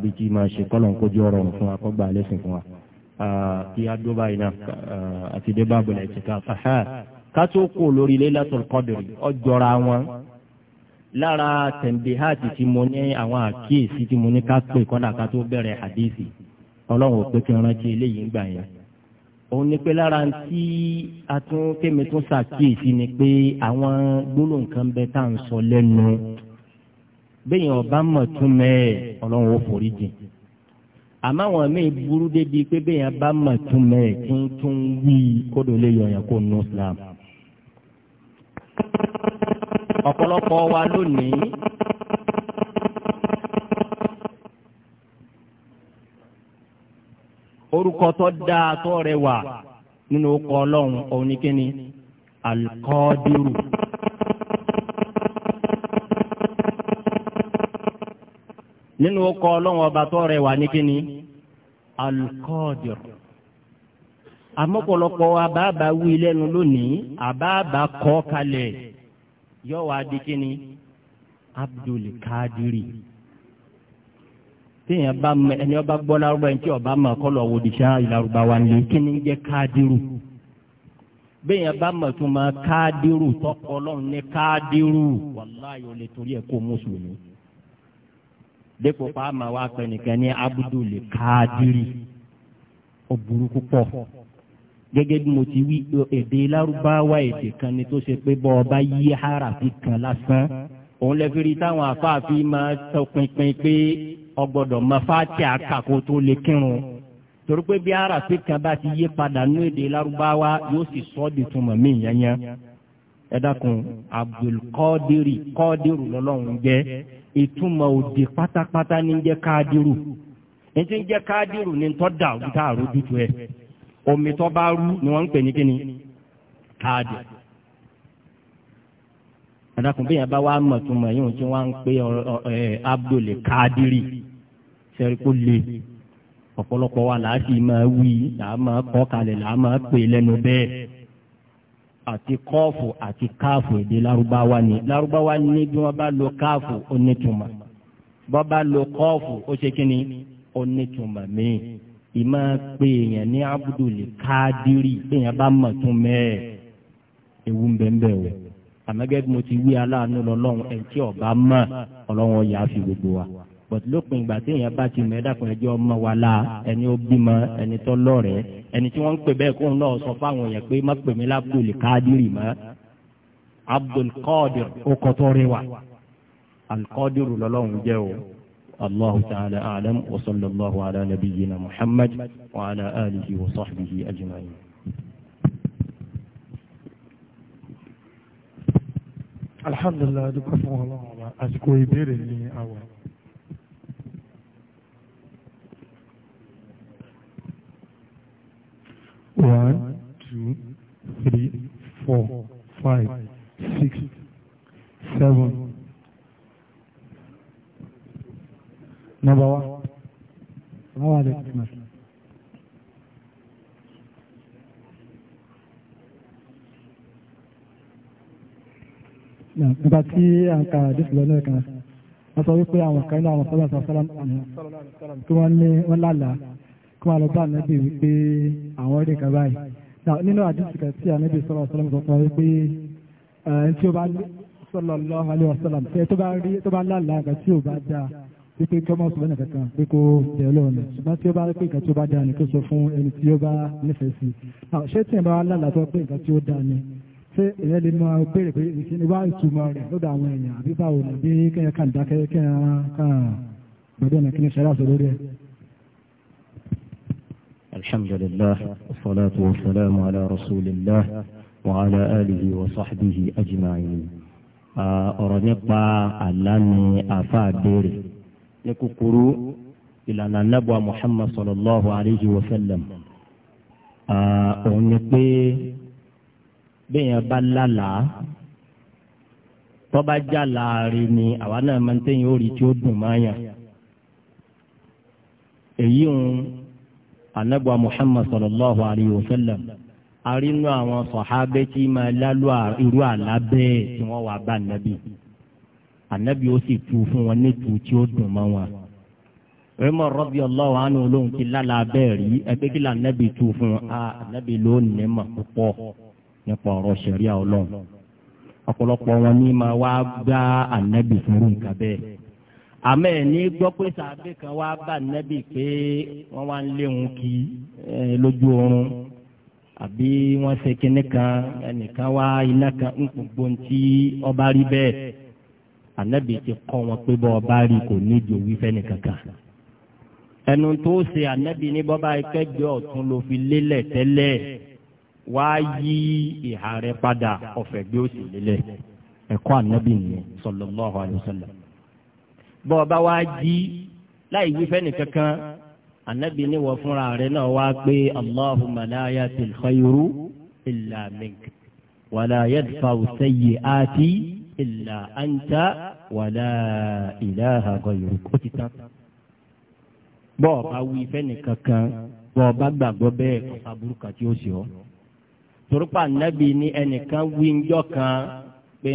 bí kí máa ṣe kọ́lọ̀ kójú ọ̀rọ̀ fún wa kọ́ gbà lẹ́sìn fún wa kí á dó báyìí náà àti dé báàbò náà ti ká fàṣà ká tó kó lórí Laylatul Qadr ọjọ́ra wọn lára tẹ̀m̀bíhàtì tí mo ní àwọn àkíyèsí tí mo ní ká pè kọ́dà ká tó bẹ̀rẹ̀ hadisi ọlọ́run ò pé kí n rántí eléyìí ń gbà yẹn òun ni pé lára tí a tún kémi tún ṣàkíyèsí ni pé àwọn gbólóhùn kan bẹ tá à ń sọ lẹ́nu bẹ́yìn ọba mọ̀ tún mẹ́ẹ̀ ọlọ́run ó forí jìn àmọ́ àwọn míì burú débi pé bẹ́yìn ọba mọ̀ tún mẹ́ẹ̀ tí ń tún wí kódò lè yọ̀yàn kó nù Islam. ọ̀pọ̀lọpọ̀ wa lónìí orúkọ tó dáa tó rẹwà nínú ọkọ ọlọ́run òun ni kíni alikọ́dúrù. nínú ọkọ ọlọ́run ọba tó rẹwà ní kíni alikọ́dúrù. amọ́pọ̀lọpọ̀ àbábà wí lẹ́nu lónìí àbábà kọ́ kalẹ̀ yọ̀wá di kíni abdulkadiri téèyàn bá mọ ẹni ọba gbọ́ lárúbá ẹni tí ọba mọ kọlọ̀ wò di sáà ìlárúbáwá ni kí ni ń jẹ́ káàdìrú béèyàn bá mọ̀ tó máa káàdìrú tọkọ ọlọ́run ní káàdìrú wàláyé o lè torí ẹ̀ kó mùsùlùmí dépò pàmò wa pẹ̀ nìkan ní abudu lè káàdìrí ó burú púpọ̀ gẹ́gẹ́ bí mo ti wí èdè lárúbáwá èdè kan ni tó ṣe pé bọ́ ọba yí harafi kan lásán òun lè fi rí táwọn afáàfin máa tọpinpin pé ọgbọ́dọ̀ mọ fáti àkàkó tó lè kírun torí pé bí arafi kan bá ti yí padà ní èdè Lárúbáwá yóò sì sọ ọ́ di túmọ̀ mí yẹnyẹn ẹ dákun Abdulkadiri kọ́dírù lọ́lọ́run jẹ́ ìtumọ̀ òdì pátápátá ní jẹ́ káàdírù ní ti ń jẹ́ káàdírù ní tọ́ da òkúta àrójútu ẹ̀ omi tó bá rú ni wọ́n ń pè ní kíni káàdì ẹ dákun bí yẹn bá wá mọ̀ túmọ̀ yìí wọ́n ti wá ń pè Abdul Kadiri sẹ́rí kó le ọ̀pọ̀lọpọ̀ wa là á sì máa wí là á máa kọ́ kalẹ̀ là á máa pè lẹ́nu bẹ́ẹ̀ àti kọ́ọ̀fù àti káàfù èdè lárúbáwá ni lárúbáwá ni bí wọ́n bá lo káàfù ó nítumọ̀ bọ́ bá lo kọ́ọ̀fù ó ṣe kí ni ó nítumọ̀ míì ìmọ̀ pé èèyàn ní abudul káàdírì èèyàn bá mọ̀ tún mẹ́ẹ̀ ewu ń bẹ́ẹ̀ bẹ́ẹ̀ o àmọ́gẹ́ bí mo ti wí aláàánú lọ́lọ́run ẹ̀ tí ọ̀bá pọ̀tù lópin ìgbà tí èèyàn bá ti mẹ́ẹ́dàkùn ẹjọ́ ọmọ wa la ẹni ó bímọ ẹni tó lọ́rẹ̀ẹ́ ẹni tí wọ́n ń pè bẹ́ẹ̀ kóun náà sọ fáwọn èèyàn pé má pè mí lábdùl mọ́ Abdul Qadir ó kọ́ tó rí wa alqadiru lọ́lọ́run jẹ́ o. الله تعالى أعلم وصلى الله على نبينا محمد وعلى آله وصحبه أجمعين الحمد لله دكتور الله أشكو يبيرني أول one two three four five six seven number one. السلام عليكم nígbà tí a ń ka àdéhùn lọ lẹ́ẹ̀kan wọ́n sọ wípé àwọn kan náà àwọn sọ́lá sọ́lá tí wọ́n ní kí wọ́n lọ bá ànábì wípé àwọn ọdẹ kan báyìí nínú àdìsí kan tí ànábì sọ̀rọ̀ sọ́lọ́m sọ fún wa wípé ẹni tí ó bá sallallahu alaihi wasallam tẹ tó bá rí tó bá lálàá kan tí ò bá dáa wípé kí ọmọ sọ̀rọ̀ nìkan kan pé kó bẹ̀rẹ̀ lọ́wọ́ ni ṣùgbọ́n tí ó bá rí pé nǹkan tí ó bá dáa ni kó sọ fún ẹni tí ó bá nífẹ̀ẹ́ sí ṣé tí ìbá lálàá tó pé nǹkan tí ó dáa ni ṣé èèyàn lè máa béèrè pé ìṣẹ́ni wá ìtumọ̀ rẹ̀ lọ́dọ̀ àwọn èèyàn àbí báwo ni bí kẹ́yàn kàn dákẹ́ kẹ́yàn kàn gbọ́dọ̀ nà kí ni ṣẹlá sọ lórí ẹ̀. الحمد لله والصلاة والسلام على رسول الله وعلى آله وصحبه أجمعين ọ̀rọ̀ nípa àlá ni àfa àbèrè ní kúkúrú ìlànà anábọ̀ muhammad sallallahu alayhi wa sallam òun ni pé bẹ́ẹ̀ bá lálàá tọ́ba já láàrin ni àwa náà máa ń tẹ̀yìn orí tí ó dùn máa yàn èyí ń anagba muhammad sallallahu alayhi wa sallam arínú àwọn sọ̀hábẹ́ tí máa lálù irú àlá bẹ́ẹ̀ tí wọ́n wà bá nàbí ànábì ó sì tu fún wọn nítu tí ó dùn mọ́ wọn. rímọ̀ rọ́bì ọlọ́wọ́ àánú olóhùn ti lálà bẹ́ẹ̀ rí ẹgbẹ́ kí lànàbì tu fún wọn a ah, ànábì ló ní mà púpọ̀ nípa ọ̀rọ̀ sẹ̀ríà ọlọ́run ọ̀pọ̀lọpọ̀ wọn ní máa wá gbá ànábì fún nǹkan bẹ́ẹ̀ àmọ́ ẹ̀ ní gbọ́ pé sàbẹ̀ kan wá bá nẹ́bì pé wọ́n wá ń léwu kí lójú oorun àbí wọ́n ṣe kinní kan ẹnìkan wá iná kan ń gbogbo tí ọba rí bẹ́ẹ̀ ànẹ́bì ti kọ́ wọn pé bọ́ ọba rí kò ní ju òwí fẹ́ni kankan ẹnu tó ṣe ànẹ́bì ní bọ́ba ìkẹ́jọ́ ọ̀tún ló fi lélẹ̀ tẹ́lẹ̀ wá yí ìhà rẹ̀ padà ọ̀fẹ́ gbé òsì lélẹ̀ ẹ̀kọ́ ànẹ́bì nìyẹn sallallahu alaihi wasallam bọ́ ọ bá wá jí láì wí fẹ́ni kankan ànábì ní wọ́n fúnra rẹ̀ náà wá pé allahumma la yatil khayru illa mink wala yadfa'u sayyi'ati illa anta wala ilaha ghayruk ó ti tán. bọ́ ọ wí fẹ́ni kankan bọ́ ọ gbàgbọ́ bẹ́ẹ̀ kọ́ta burúkú tí ó ṣe ọ́. torípa ní ẹnìkan wí ńjọ́ kan pé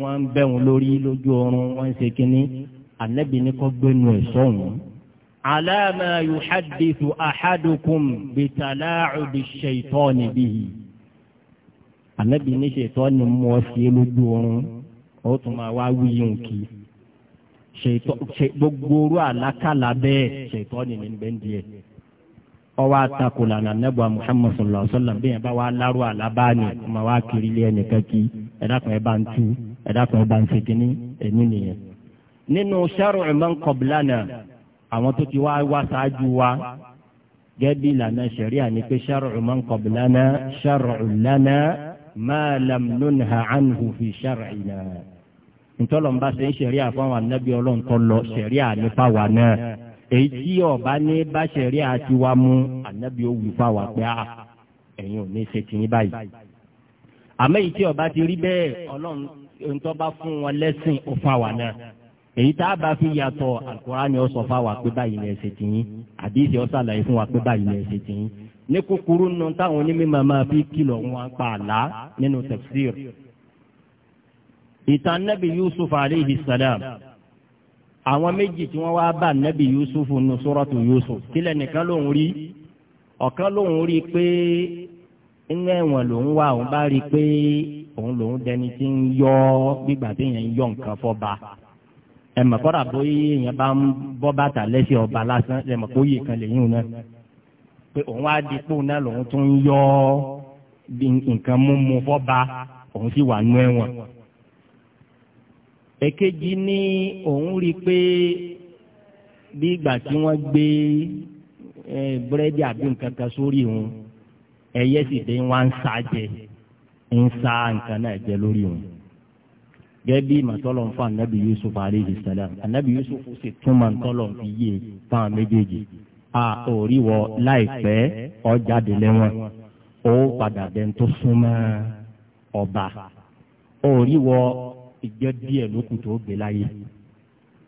wọ́n ń bẹ̀ wọn lórí lójú oorun wọ́n ń ṣe kínní anabi ní kọ́ gbénu ẹ̀ sọ́hún. alama yuhadithu ahadukum bitala'ubi shaitani bihi. anabi ní shaitani mú ọ sí lójú oorun ó tún máa wá wí yín kí. gbogbo orú àlákàlà bẹ́ẹ̀ shaitani ní bẹ́ẹ̀ díẹ̀ ọwọ́ àtakùlà nà nẹ́bùà Muhammad sallallahu alaihi wasallam bí yẹn bá wà lárú àlábáàní ọmọ wa kiri ilé ẹnìkan kí ẹ̀dá kan ẹ̀ bá ń tú ẹ̀dá kan ẹ̀ bá ń ṣe kínní ẹ̀ní nìyẹn nínú shar'u man qablana àwọn tó ti wá wá ṣáájú wa gẹ́bí ìlànà ṣẹ̀ríà ni pé shar'u man qablana shar'u lana ma lam nunha anhu fi shar'ina ntọ́lọ̀ ń bá ṣe ń ṣẹ̀ríà fáwọn anábì ọlọ́run tó lọ ṣẹ̀ríà nípa wa náà èyí tí ọba ní bá ṣẹ̀ríà ti wá mú anábì ó wù pé a ah, ẹ̀yin ò ní ṣe tìyín báyìí. àmọ́ èyí tí ọba ti rí bẹ́ẹ̀ ọlọ́run bá fún wọn lẹ́sìn ó fáwọn náà èyí tá a bá fi yàtọ̀ alukurani ó sọ fún wa pé báyìí ni ẹsẹ̀ tì yín àdìsí ó ṣàlàyé fún wa pé báyìí ni ẹsẹ̀ yín ní kúkúrú nù táwọn onímọ̀ máa fi kìlọ̀ wọn pa àlá nínú tafsir. ìtàn nabi yusuf aleyhi salam àwọn méjì tí wọ́n wá bá nabi yusuf nù suratu yusuf kílẹ̀ nìkan ló ń rí ọ̀kan ló ń rí pé inú ẹ̀wọ̀n ló ń wá òun bá rí pé òun lòún dẹni tí ń yọ gbígbà téèyàn ń yọ nǹkan fọ́ ẹ̀mọ̀ kọ́ra bóyá èèyàn bá ń bọ́ bàtà lẹ́sẹ̀ ọba lásán ẹ̀mọ̀ kó yè kan lẹ́yìn náà pé òun á di pò náà lòun tún yọ nǹkan múmu fọ́ba òun sì wà nú ẹ̀wọ̀n. èkejì ní òun rí i pé bí ìgbà tí wọ́n gbé búrẹ́dì àbí nǹkan kan sórí òun ẹyẹ sì dé wọ́n ń sá jẹ ń sá nǹkan náà jẹ lórí òun gẹ́bí màtọ́lọ̀ ń fa anabi yusuf aleyhi salam anabi yusuf sì tún màtọ́lọ̀ fi yé fáwọn méjèèjì a ò rí wọ láìpẹ́ ọjàde lẹ́wọ̀n ó padà bẹ́ẹ̀ tó súnmọ́ ọba ó rí wọ ìjẹ́ díẹ̀ lókùn tó gbé láyé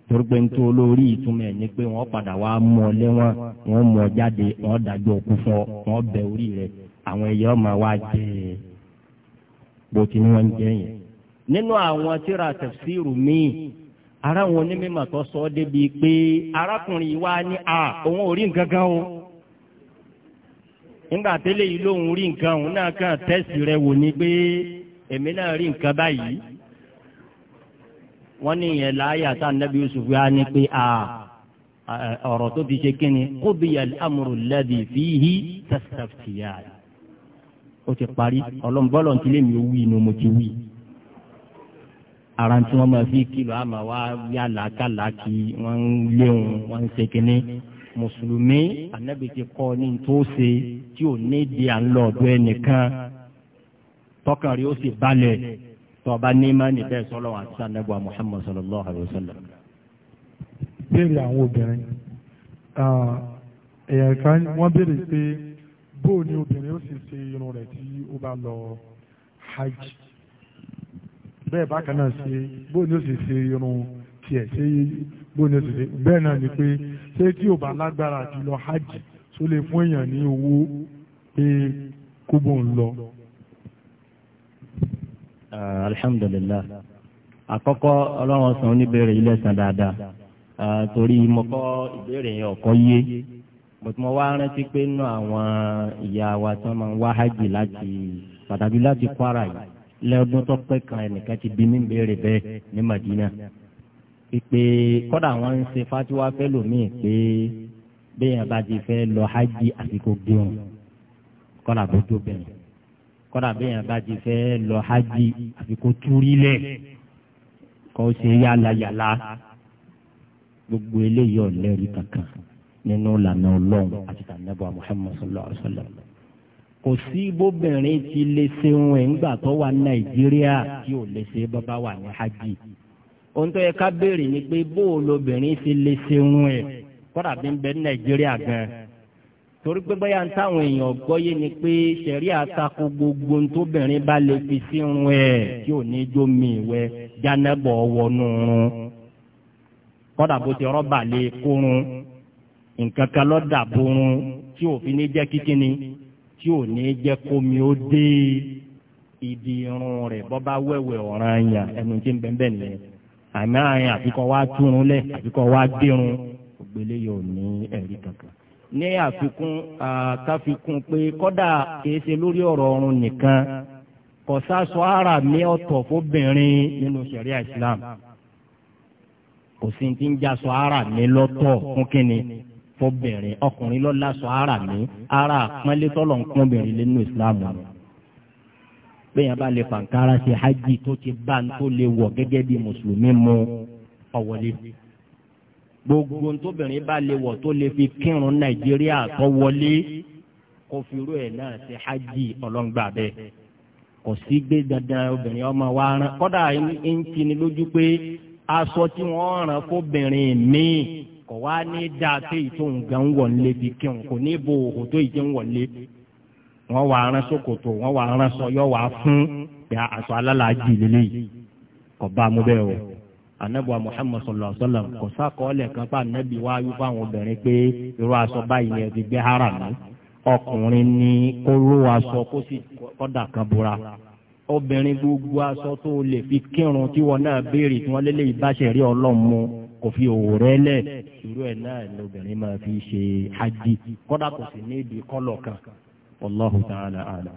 torípé ń tó olórí ìtumọ̀ ẹ̀ ní pé wọ́n padà wá mú ọ lẹ́wọ̀n wọ́n mú ọ jáde wọ́n dájọ́ òkú fún ọ wọ́n bẹ orí rẹ̀ àwọn ẹ̀yẹ́ ọmọ wa jẹ́ bó ti ní wọ́n ń jẹ́ yẹn nínú àwọn tíra tafsiru míì ara wọn onímọ̀ tó sọ ọ́ débi pé arákùnrin wa ní a òun ò rí nǹkan kan o nígbà tẹ́lẹ̀ yìí lóun rí nǹkan òun náà kàn tẹ́sì rẹ̀ wò ní pé èmi náà rí nǹkan báyìí wọ́n ní ìyẹn láàyè àti anabi yusuf yá ni pé a ọ̀rọ̀ tó ti ṣe kínni qudiya al-amru alladhi fihi tastaftiyan ó ti parí ọlọ́mbọ́lọ́ ní tilé mi wí inú mo ti wí ara tí wọ́n máa fi kìlọ̀ àmà wá yàlá kàlá kí wọ́n ń léwọn wọ́n ń ṣe kínní mùsùlùmí ànábì ti kọ́ ní tó ṣe tí ò ní di à ń lọ ọ̀dọ̀ ẹnìkan tọkàn rí ó sì balẹ̀ tọba ní má ní bẹ́ẹ̀ sọ́lọ́ wa àti sànẹ́gbà Muhammad sallallahu alayhi wa béèrè àwọn obìnrin èèyàn kan wọ́n béèrè pé bóò ni obìnrin ó sì ṣe irun rẹ̀ tí ó bá lọ hajj bẹ́ẹ̀ bákan náà ṣe bóun ni ó sì ṣe irun tiẹ̀ ṣe bóun ni ó sì ṣe bẹ́ẹ̀ náà ni pé ṣé tí ò bá lágbára àti lọ hajj tó lè fún èèyàn ní owó pé kó bóun lọ. alhamdulilah àkọ́kọ́ ọlọ́run ọ̀sán oníbẹ̀rẹ̀ ilé ẹ̀sán dáadáa torí mo kọ́ ìbéèrè yẹn ọ̀kọ́ yé mo wá rántí pé nínú àwọn ìyá wa tí wọ́n máa ń wá hajj láti pàtàkì láti kwara yìí lẹ́ọdún tó pẹ́ kan ẹnìkan ti bí mí béèrè bẹ́ẹ̀ ní Madina pípé kọ́dà wọn ń ṣe fatiwa fẹ́ lómìn pé béèyàn bá ti fẹ́ lọ hajj àsìkò gbẹ̀hùn kọ́dà bó tó bẹ̀rẹ̀ kọ́dà béèyàn bá ti fẹ́ lọ hajj àsìkò túrílẹ̀ kọ́ ṣe yálayàlá gbogbo eléyìí ọ̀lẹ́rìí kankan nínú ìlànà ọlọ́run àti tànàbọ̀ Muhammad kò sí bóbìnrin ti lè ṣe ohun ẹ̀ ńgbà tó wà nàìjíríà tí ò lè ṣe bàbá wà ní hajj ohun tó yẹ ká béèrè ni pé bó o lobìnrin ti lè ṣe ohun ẹ̀ kọ́dà bí ń bẹ ní nàìjíríà gan torí pé bóyá ń táwọn èèyàn gbọ́yé ni pé ṣẹ̀rí àtakò gbogbo ń tóbìnrin bá lè fi sí ohun ẹ̀ tí ò ní jó mi ìwẹ́ jánẹ́bọ̀ wọnú run kọ́dà bó ti rọ́bà lè kórun nǹkan kan lọ́dà borun tí ò ní jẹ́ kómi ó dé ibi irun rẹ̀ bọ́bá wẹ̀wẹ̀ ọ̀ràn yàn ẹnu tí ń bẹ́ẹ̀ bẹ́ẹ̀ nìyẹn àmì àárín àfikọ́ wá túrun lẹ̀ àfikọ́ wá dírun ògbélé yóò ní ẹ̀rí kankan. ní àfikún káfikún pé kọ́dà kìí ṣe lórí ọ̀rọ̀ ọ̀run nìkan kò sáṣọ ara mi ọ̀tọ̀ fóbìnrin nínú sẹ̀ríà Islam kò sí ti ń jáṣọ ara mi lọ́tọ̀ fún kínni fọbẹ̀rẹ̀ ọkùnrin lọ́la sọ ara mi ara àpọ́nlé tọ́lọ̀ ń pọ́nbẹ̀rẹ̀ lẹ́nu ìsìlámù rẹ̀ bẹ́ẹ̀ bá lè fàǹkárá ṣe hajj tó ti bá ń tó lè wọ̀ gẹ́gẹ́ bí mùsùlùmí mu ọ̀wọ́lé gbogbo tóbìnrin bá lè wọ̀ tó lè fi kírun nàìjíríà tó wọlé kó firú ẹ̀ náà ṣe hajj ọlọ́ngbà bẹ́ẹ̀ kò sí gbé dandan obìnrin ọmọ wa rán kọ́dà ń tini lójú pé aṣọ tí wọ́n rán fóbìnrin míì kò wá ní dáa pé ìtò nǹkan ń wọ̀nlé bí kíun kò ní bo òkun tó ìdí ń wọ̀nlé wọ́n wà rán ṣòkòtò wọ́n wà rán sọyọ́ wà fún pé aṣọ alálàájì lélẹ́yìí kò bá mu bẹ́ẹ̀ o anabuwa muhammad sallallahu alaihi wa sallam kò sákọọ́lẹ̀ kan fún anabi wa ayú fáwọn obìnrin pé irú aṣọ báyìí ni ẹ gbé haram ọkùnrin ni kó ró aṣọ kó sì kọ́dà kan bora obìnrin gbogbo aṣọ tó lè fi kírun tí wọn náà béèrè tí wọn lélẹ́yìí bá ṣe rí ọlọ́run mu kò fi òwò rẹ lẹ̀ irú ẹ̀ náà lóbìnrin máa fi ṣe hajj kọ́dà kò sì ní ibi kọ́lọ̀ kan wallahu ta'ala ala.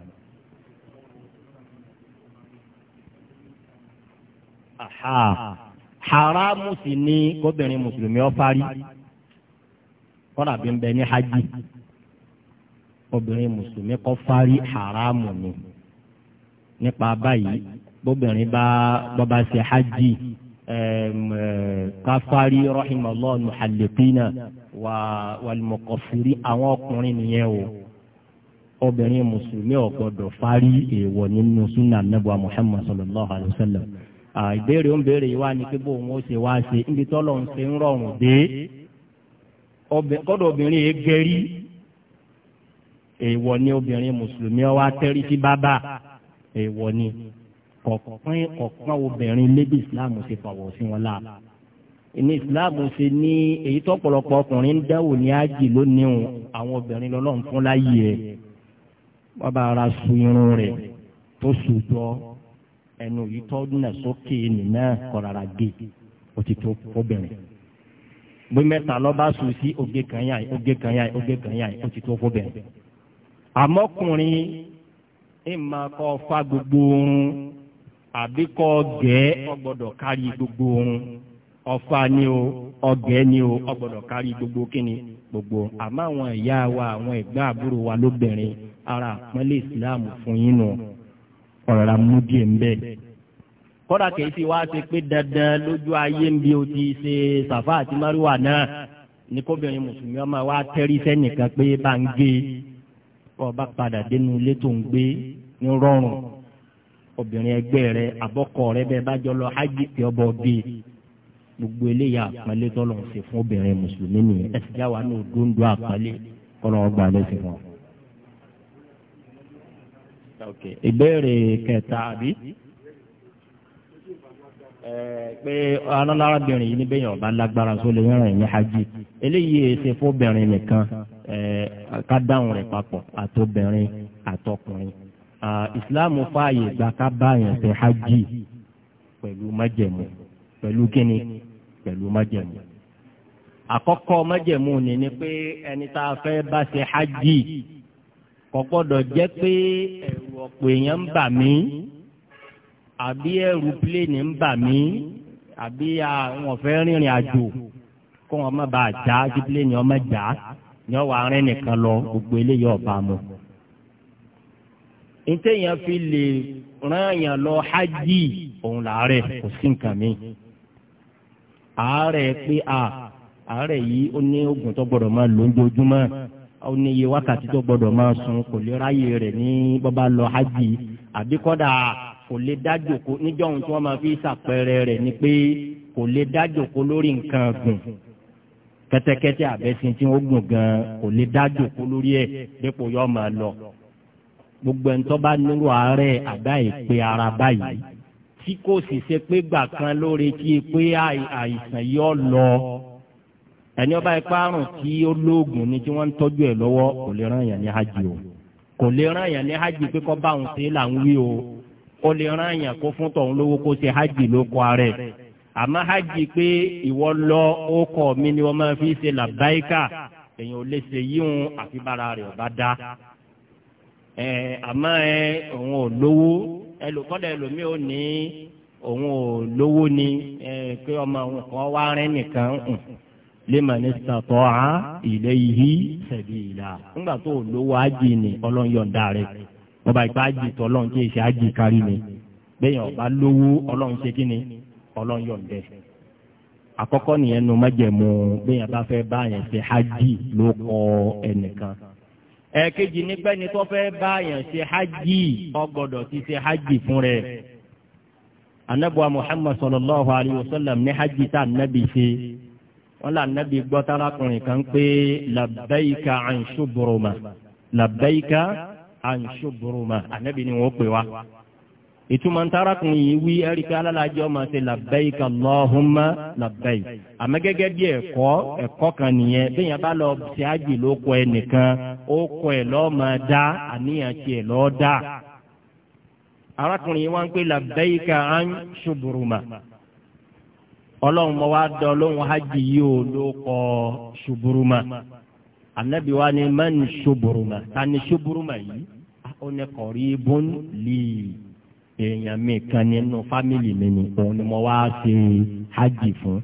aha haramu sì ni kóbìnrin mùsùlùmí ó parí kọ́dà bí ń bẹ ní hajj obìnrin mùsùlùmí kọ́ fárí haramu ni nípa báyìí bóbìnrin bá bọ́ bá ṣe hajj. ka rahimallah rahim wa wal muqaffiri awon okunrin niyan o obirin muslimi o godo fari ewo ninu sunna nabwa muhammad sallallahu alaihi wasallam a ibere on bere wa ni ke bo won o se wa se ndi tolorun se nrorun de obin godo obirin e geri ewo ni obirin muslimi o wa teri ti baba ewo ni kọ̀ọ̀kan kọ̀ọ̀kan obìnrin lébi ìsìláàmù ṣe fàwọ̀ sí wọn láà ní ìsìláàmù ṣe ní èyí tó pọ̀lọpọ̀ ọkùnrin ń dáwò ní ájì lónìí o àwọn obìnrin lọ́lọ́run fún láyé ẹ̀ wọ́n bá ara su irun rẹ̀ tó sùjọ́ ẹnu yìí tọ́dún náà sókè nìyẹn kọ̀rara gé o ti tó obìnrin bí mẹ́ta lọ bá sùn sí oge kan yáì oge kan yáì oge kan yáì o ti tó obìnrin àmọ́kùnrin ìmọ̀ kọ́ fa gbogbo oorun àbí kọ́ gẹ́ ọgbọ́dọ̀ kárí gbogbo oorun ọ̀fà ni o ọ̀gẹ́ ni o ọgbọ́dọ̀ kárí gbogbo kíni gbogbo àmọ́ àwọn ìyá wa àwọn ẹ̀gbọ́n àbúrò wa lóbìnrin ara àpọ́nlé ìsìláàmù fún yín nù ọ̀rọ̀ àmúdíẹ̀ ń bẹ̀. kọ́dà kìí ti wá ṣe pé dandan lójú ayé ń bí o ti ṣe sàfà àti márùwà náà ní kóbìnrin mùsùlùmí ọmọ wa tẹ́rí sẹ́nìkan pé bá ń gbé ọba padà dénú ilé tó ń gbé ní rọrùn obìnrin ẹgbẹ́ rẹ àbọ̀kọ rẹ bẹ́ẹ̀ bá jọ lọ hajj tí ọ bọ̀ bí gbogbo eléyà àpọ́nlé tọ́lọ̀ ń ṣe fún obìnrin mùsùlùmí nìyẹn ẹ sì já wa ní òdòǹdó àpọ́nlé kọ́lọ́ ọgbà lẹ́sìn wọn. ìbéèrè kẹta àbí pé alọ́lárábìnrin yìí níbẹ̀ yẹn ọba lágbára tó lè rìn ní hajj eléyìí e ṣe fún obìnrin nìkan ká dáhùn rẹ̀ papọ̀ àtobìnrin àtọkùnrin ìsìláàmù fààyè gbà ká báyàn ṣe hajj pẹ̀lú májẹ̀mú pẹ̀lú kíni pẹ̀lú májẹ̀mú. àkọ́kọ́ májẹ̀mú ni ni pé ẹni tá a fẹ́ bá ṣe hajj kò gbọ́dọ̀ jẹ́ pé ẹ̀rù ọ̀pọ̀ èèyàn ń bà mí àbí ẹ̀rù pílẹ̀nì ń bà mí àbí àwọn ọ̀fẹ́ rìnrìn àjò kó wọn má bàa já kí pílẹ̀nì ọmọ já ni ọwọ́ arìn nìkan lọ gbogbo eléyìí ọ̀bà mu ntẹ̀yàn fi lè rán yàn lọ hajj òun làárẹ̀ kò sí nǹkan mi. àárẹ̀ pé a àárẹ̀ yìí ó ní oògùn tó gbọ́dọ̀ máa lò lójoojúmọ́ ó ní iye wákàtí tó gbọ́dọ̀ máa sùn kò lè ráyè rẹ̀ ní bọ́bá lọ hajj àbí kò lè dájòkó níjọ́ ohun tí wọ́n máa fi ṣàpẹẹrẹ rẹ̀ ni pé kò lè dájòkó lórí nǹkan gùn kẹ́tẹ́kẹ́tẹ́ àbẹ́sìn tí wọ́n gùn gan kò lè dájòkó lórí ẹ̀ dépò yọ́ máa lọ gbogbo ẹni tó bá nírú ààrẹ àbá ìpè ara báyìí tí kò sì ṣe pé gbà kan lórí kí pé àìsàn yóò lọ ẹni ọba ipá àrùn tí ó lóògùn ni tí wọ́n ń tọ́jú ẹ̀ lọ́wọ́ kò lè ràn yàn ní hajj o kò lè ràn yàn ní hajj pé kọ́ bá òun ṣe là ń wí o ó lè ràn yàn kó fún tọ̀hún lówó kó ṣe hajj ló kọ́ ààrẹ àmọ́ hajj pé ìwọ lọ ó kọ́ mi ni wọ́n máa fi ṣe làbáyíkà èèyàn ò lè ṣe yíhun àfi rẹ̀ ọba dá àmọ́ ẹ òun ò lówó ẹlòkọ́dà ẹlòmíì ò ní òun ò lówó ni pé ọmọ òun kan wá rẹ́ nìkan liman istata'a ilayhi sabila ńgbà tó lówó ájì ni ọlọ́run yọ̀ǹda rẹ̀ ọba ìpá ájì tó ọlọ́run èsì ájì ni bẹ́ẹ̀ ọba lówó ọlọ́run ṣe kí ni ọlọ́run yọ̀ǹda àkọ́kọ́ nìyẹn nu májẹ̀mú bẹ́ẹ̀ bá fẹ́ bá ẹ̀ẹ̀kejì ní pẹ́ni tó fẹ́ báyàn ṣe hajj ó gbọ́dọ̀ ti ṣe hajj fún rẹ̀ anabuwa muhammad sallallahu alayhi wa sallam ní hajj tá anabi ṣe wọn là anabi gbọ́ tarakùnrin kan pé labbaika an shubruma labbaika an shubruma anabi ni wọ́n pè wá. ìtumọ̀ ntarakùnrin yìí wí ẹ̀ríkà alálàájẹ́ ọmọ ṣe labbaik Allahumma labbaik àmọ́ gẹ́gẹ́ bí ẹ̀kọ́ ẹ̀kọ́ kan nìyẹn bẹ́ẹ̀ yẹn bá lọ ṣe ájì ló kọ ẹnìkan ó kọ ẹ̀ lọ́ọ́ dá àníyàn tiẹ̀ lọ́ọ́ dá. arákùnrin yìí wá ń pè an ṣuburuma ọlọ́run mọ wá dán lóhun hajj yìí ó ló kọ wa ni èèyàn mi kan nínú fámìlì mi ni òun ni mo wá ṣe hajj fún.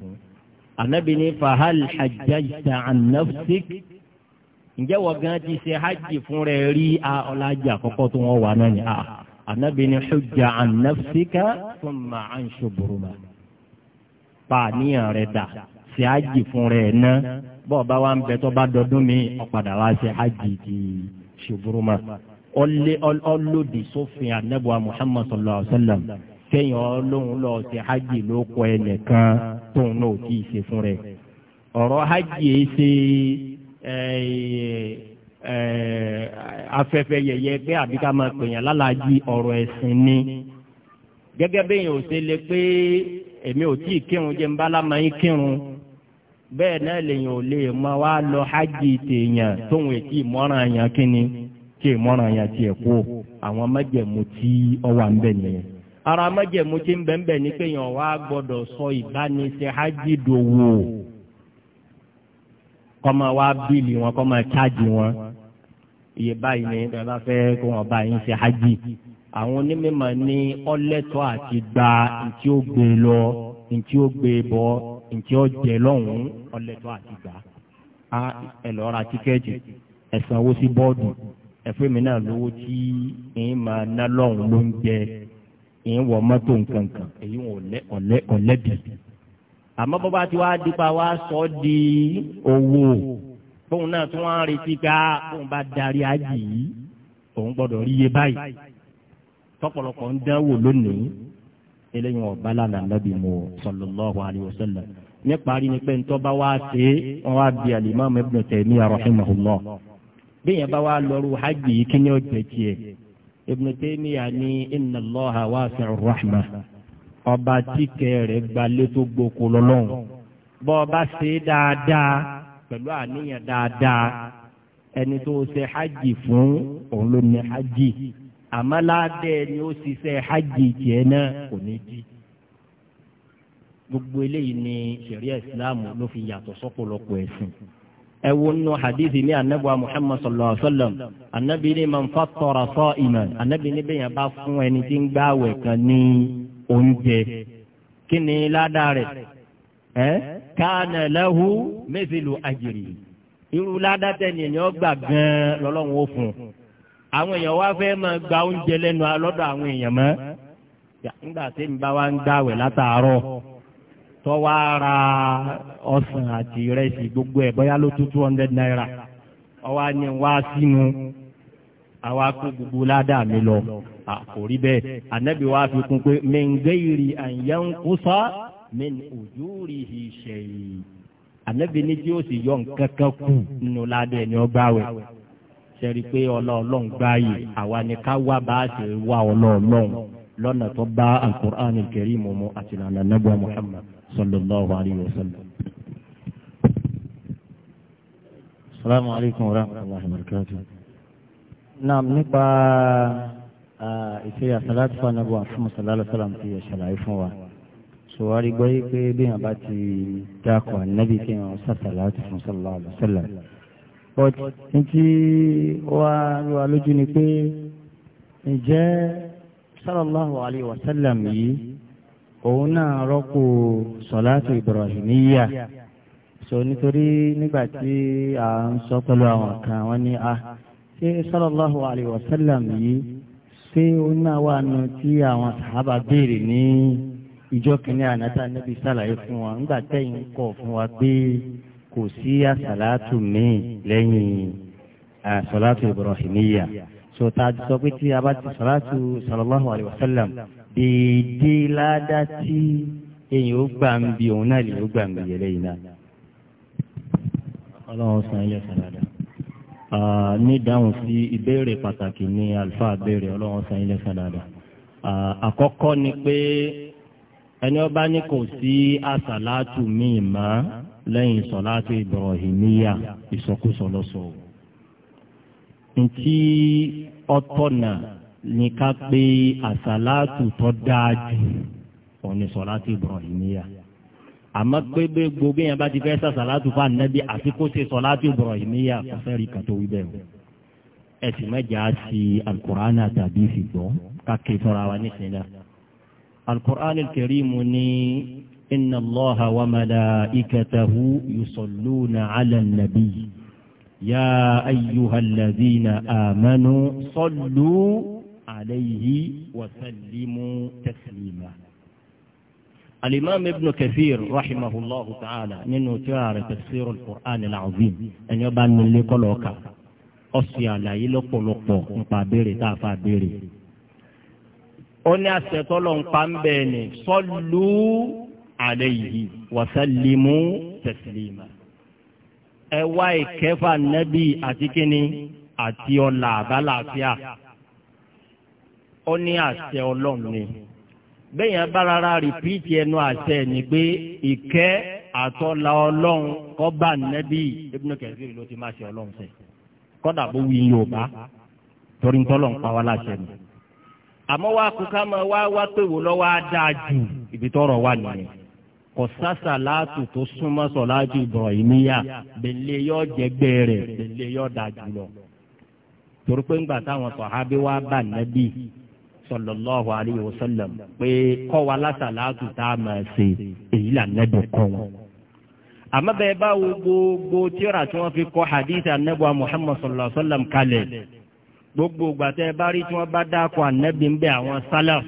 ànábì ní fahal hajjajta an nafsik ǹjẹ́ wọ́n gan ti ṣe hajj fún rẹ̀ rí a ọlájà àkọ́kọ́ tó wọ́n wà náà ni a ah. ànábì ní hujja an nafsika thumma an shuburuma. pàníyàn rẹ̀ dà ṣe hajj fún rẹ̀ náà bọ́ọ̀ bá wa ń bẹ tó bá dọdún mi ọ̀padà wá ṣe hajj ti shuburuma. ọlọ́dì sófin anábùwà muhammad sallallahu alayhi ọlọ́run lọ sí hajj ló kọ ẹnìkan tóun náà kì í ṣe fún rẹ ọ̀rọ̀ hajj yìí ṣe afẹ́fẹ́ yẹyẹ pé àbí máa pèèyàn lálàájì ọ̀rọ̀ ẹ̀sìn ni gẹ́gẹ́ ò ṣe lè pé èmi ò kírun jẹ́ ń bá lámà yín kírun bẹ́ẹ̀ náà lèyìn ò lè wá lọ hajj tèèyàn tóun ètí ìmọ̀ràn tí ìmọ̀ràn yẹn ti ẹ̀ kú àwọn májẹ̀mú tí ọ wà ń bẹ̀ nìyẹn. ara májẹ̀mú tí ń bẹ̀ ń bẹ̀ ní pé yàn wá gbọ́dọ̀ sọ ìbánisẹ́ ájídòwò kọ́ máa wá bíìlì wọn kọ́ máa chájì wọn iye báyìí ni ẹ bá fẹ́ kó wọn bá yín ṣe ájì àwọn onímọ̀ ní ọlẹ́tọ̀ àti gba ntí ó gbé e lọ ntí ó gbé e bọ́ ntí ó jẹ lọ́hùn-ún ọlẹ́tọ̀ àti gbà á ẹ lọ́ọ́ ra tíkẹ́ẹ̀tì ẹ̀sán owó sí bọ́ọ̀dù ẹ̀fọ́ mi náà lówó tí ẹ̀yin máa ná lọ́hùn ló ń jẹ ẹ̀yin wọ mọ́tò nkankan ẹ̀yin ọ̀lẹ́ ọ̀lẹ́ ọ̀lẹ́bì. àmọ́ bọ́bá tí wàá dípa wá sọ ọ́ di owó fóun náà tí wọ́n á retí ká fóun ah, bá darí ájì yìí òun gbọ́dọ̀ rí iye báyìí tọ́pọ̀lọpọ̀ ń dánwò lónìí eléyìí wọn bá lánàá nàbì mu sallallahu alayhi wa sallam nípa rí ni pé ntọ́ wá ṣe wọ́n wá bí alimami ibn Taymiyyah rahimahullah bẹ́ẹ̀ bá wà lọ́rù hajj yìí ó jẹ tiẹ̀ Ibn Taymiyyah ní inna ọba tí rẹ gbalẹ̀ tó gboko lọ́lọ́run bọ ọba ṣe dáadáa pẹ̀lú àníyàn dáadáa ẹni tó ṣe hajj fún òun ló ní hajj àmọ́ ni ó hajj náà kò ní di. gbogbo eléyìí ni ṣẹ̀ríà ìsìláàmù ló fi yàtọ̀ ẹwọ nù hadithi ní anabuwa muhammad sallallahu alaihi wa sallam anabi ni man fattara sa'iman anabi ni bẹ́ẹ̀ yẹn bá fún ẹni tí ń gbààwẹ̀ kan ní oúnjẹ kí ni ládàá rẹ̀ ẹ́ kana lahu mithlu ajri irú ládàtẹ ni èèyàn gbà gan lọ́lọ́run ó fún un àwọn èèyàn wá fẹ́ máa gba oúnjẹ lẹ́nu alọ́dọ̀ àwọn èèyàn mọ́ nígbà tí n bá wá ń gbàwẹ̀ látàárọ̀ tọ́wọ́ ara ọ̀sán àti ìrẹsì gbogbo ẹ̀ bóyá ló tó two hundred naira ọwọ́ ni wá sínú àwa kó gbogbo ládà mi lọ kò rí bẹ́ẹ̀ ànábì wa fi kún pé mẹ́ngẹ́rì àyànkúsá min ujurihi shay'i ànábì ní tí ó sì yọ nǹkan kan kù nínú ládà ẹni ọgbà wẹ̀ sẹ́rí pé ọlọ́ọ̀lọ́ọ̀ gbáyé àwa ni ká wá bá a ṣe wá ọlọ́ọ̀lọ́ọ̀ lọ́nà tó bá al-Qur'an al-Karim mu àti lànà nàbọ̀ Muhammad sallallahu alayhi wa sallam. salaamu alaykum wa rahmatulahi wa barakatuh. naam nípa ìṣe àsàlátì fún anábọ̀ àfihàn sàlálà sàlám ti ṣàlàyé fún wa sòwárí gbọ́ yí pé bí yàn bá ti dákọ̀ ànábì kí yàn sàsàlátì fún sallallahu alayhi wa sallam. but ní tí wàá lọ ni pé ǹjẹ́ sallallahu alayhi wa sallam yìí òun náà rọ́pò sọ̀láàtù Ibrahimiyya so nítorí nígbà tí a ń sọ pẹ̀lú àwọn kan wọ́n ní a ah, ṣé sallallahu alayhi wa sallam yìí ṣé òun náà wà nù tí àwọn sàhábà béèrè ní ìjọ kìíní ànátà níbi sàlàyé fún wa ńgbà tẹ́yìn kọ̀ fún wa pé kò sí àsàlátù míì lẹ́yìn àsàlátù Ibrahimiyya so tá a ti sọ pé tí a bá ti sàlátù sallallahu alayhi déédéé ládá tí èyàn ó gbà ń bi òun náà lè ó gbà ń bi yẹlẹ yìí náà. ọlọ́run san ilé sàlàdà ní ìdáhùn sí ìbéèrè pàtàkì ní àlùfáà béèrè ọlọ́run san ilé sàlàdà àkọ́kọ́ ni pé ẹni ọba ní kò sí àsàlátù míì mọ́ lẹ́yìn ìsọ̀látù Ibrahimiyya ìsọkúsọ lọ́sọ̀ọ́ ntí ọtọ́nà ní ká pé àsàlátù tó dáa jù òun ni sọ̀látù Ibrahimiyya àmọ́ pé bí gbogbo yẹn bá ti fẹ́ sàṣàlátù fún ànábì àti kó ṣe sọ̀látù Ibrahimiyya kò fẹ́ rí kàtó wí bẹ́ẹ̀ o ẹ sì mẹ́jà sí alukur'ana tàbí ìfìgbọ́ káàkiri fúnra wa nísìnyí náà alukur'an al ni inna allaha wa malaikatahu yusalluna ala nabi ya ayyuhalladhina amanu sallu. عليه وسلم تسليما الإمام ابن كثير رحمه الله تعالى من تيار تفسير القرآن العظيم أن يبان من لقلوك أصيا لا يلقلق مقابير تافا بيري أني أستطلع قنبيني صلوا عليه وسلموا تسليما أواي كيف النبي أتكني أتيو لا بلا فيها ó ní àṣẹ ọlọ́run ni bẹ́yẹn bá rárá rìpíìtì ẹnu àṣẹ ni pé ìkẹ́ àtọ́lá ọlọ́run kọ́ba nẹ́bí Ibn Kathir ló ti máa ṣe ọlọ́run sẹ̀ kọ́dà bó wí Yorùbá torí ń tọ́lọ̀ ń pa wá láṣẹ ni. àmọ́ wá wá wá pé wò lọ́wọ́ á dáa jù ibi tọ́rọ̀ wà nìyẹn kò sásà láàtù tó súnmọ́ sọ láti Ibrahimiya bẹ̀lẹ́ yọ jẹgbẹ́ rẹ̀ bẹ̀lẹ́ yọ dáa jù lọ. torí pé ńgbà táwọn sallallahu alayhi wa sallam pé kọ́ wa lásàlátù tá a máa ṣe èyí là nẹ́bí kọ́ wọn. àmọ́ bẹ́ẹ̀ bá wo gbogbo tíra tí wọ́n fi kọ́ hadith anabu muhammad sallallahu alayhi wa sallam kalẹ̀ gbogbo gbàtẹ́ bá rí tí wọ́n bá dákọ̀ anabi ń bẹ àwọn salaf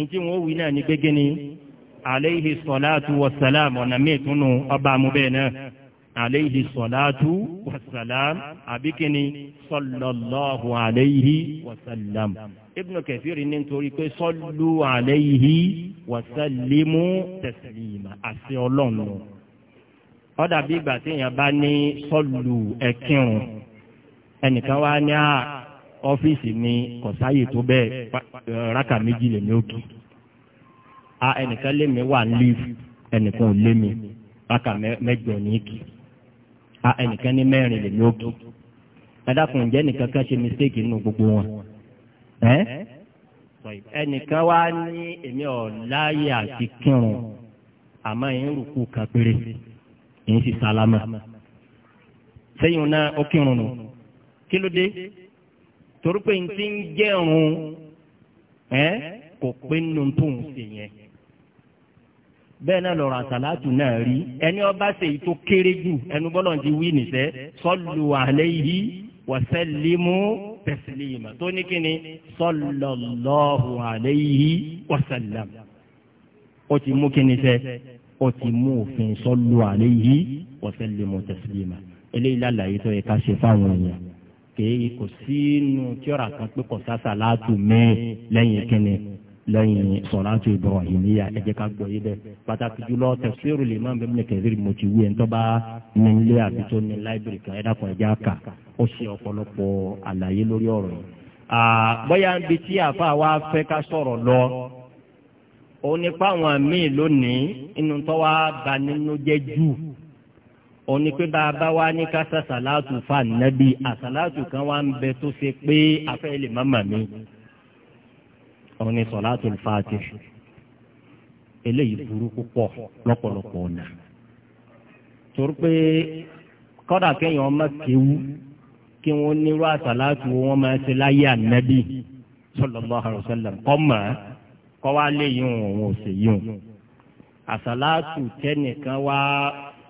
ntí wọ́n wí náà ní gbégé ni alayhi salatu wa salam ọ̀nà mẹ́ẹ̀tún ọba amúbẹ́ẹ̀ náà alayhi salatu wasalam àbíkíni sallallahu alayhi wasalam ibn kathir ní nítorí pé sallu alayhi wasallimu taslima àti ọlọ́run ọ̀dà bí ìgbà tí èèyàn bá ní sallu ẹ̀kírun ẹnìkan wá ní ọ́fíìsì ní kọ̀sáyè tó bẹ́ẹ̀ rákà méjì lèmi ó kì á ẹnìkan lémi wà ń lé ẹnìkan ò lémi rákà mẹ́jọ ní kì í a ẹnìkan ní mẹ́rin lèmi ó kí ẹ̀dàkùn ǹjẹ́ nìkan kan ṣe mistake nínú gbogbo wọn ẹnìkan wá ní èmi ọ̀ láyé àti kírun àmọ́ ẹ̀yìn rúkú kan péré ẹ̀yìn sì sálámà sẹ́yìn náà ó kírun nù kí ló dé torí pé n ti ń jẹ́rùn ẹ́ kò pé nínú tó ń yẹn bẹ́ẹ̀ náà lọ́rọ̀ àsàlátù náà rí ẹni ọba ṣe èyí tó kéré jù ẹnu bọ́lọ̀ ti wí nìṣẹ́ sọ́lù àlẹ́yìí wàsálímù tẹ̀sílímà tó ní kíni sọ́lọ̀lọ́hù àlẹ́yìí wàsálàm ó ti mú kíni sẹ́ ó ti mú òfin sọ́lù àlẹ́yìí wàsálímù tẹ̀sílímà eléyìí lálàyé tó yẹ ká ṣe fáwọn èèyàn kì kò sínú tíọ́rà kan pé kò lẹ́yìn sọ̀láàtù Ibrahimiyya ẹ jẹ́ ká gbọ́ yé bẹ́ẹ̀ pàtàkì jùlọ tafsiru Imam Ibn Kathir mo ti wí ẹ̀ ń tọ́ bá ní ilé àbí tó ní láìbírì kan ẹ̀dá kan ẹ̀já ó ṣe ọ̀pọ̀lọpọ̀ àlàyé lórí ọ̀rọ̀ yìí. bóyá ń tí àfa wa fẹ́ ká sọ̀rọ̀ lọ òun ni páwọn míì lónìí inú tó wá ba nínú jẹ́ jù òun ni pé bá a bá wá ní ká sàṣàlátù fa nàbí àṣàlátù kan wá ń bẹ tó ṣe pé afẹ́ lè má mà òun ni sọ̀láàtò fàtì eléyìí burú púpọ̀ lọ́pọ̀lọpọ̀ ọ̀nà torí pé kọ́dà kéèyàn ọmọ kéwú kí wọ́n nírú àsàlátù wọn máa ṣe láyé ànábì sallallahu alaihi wasallam kọ́ mọ̀ ẹ́ kọ́ wá lé òun ò sì yìí òun àsàlátù tẹ́nìkan wá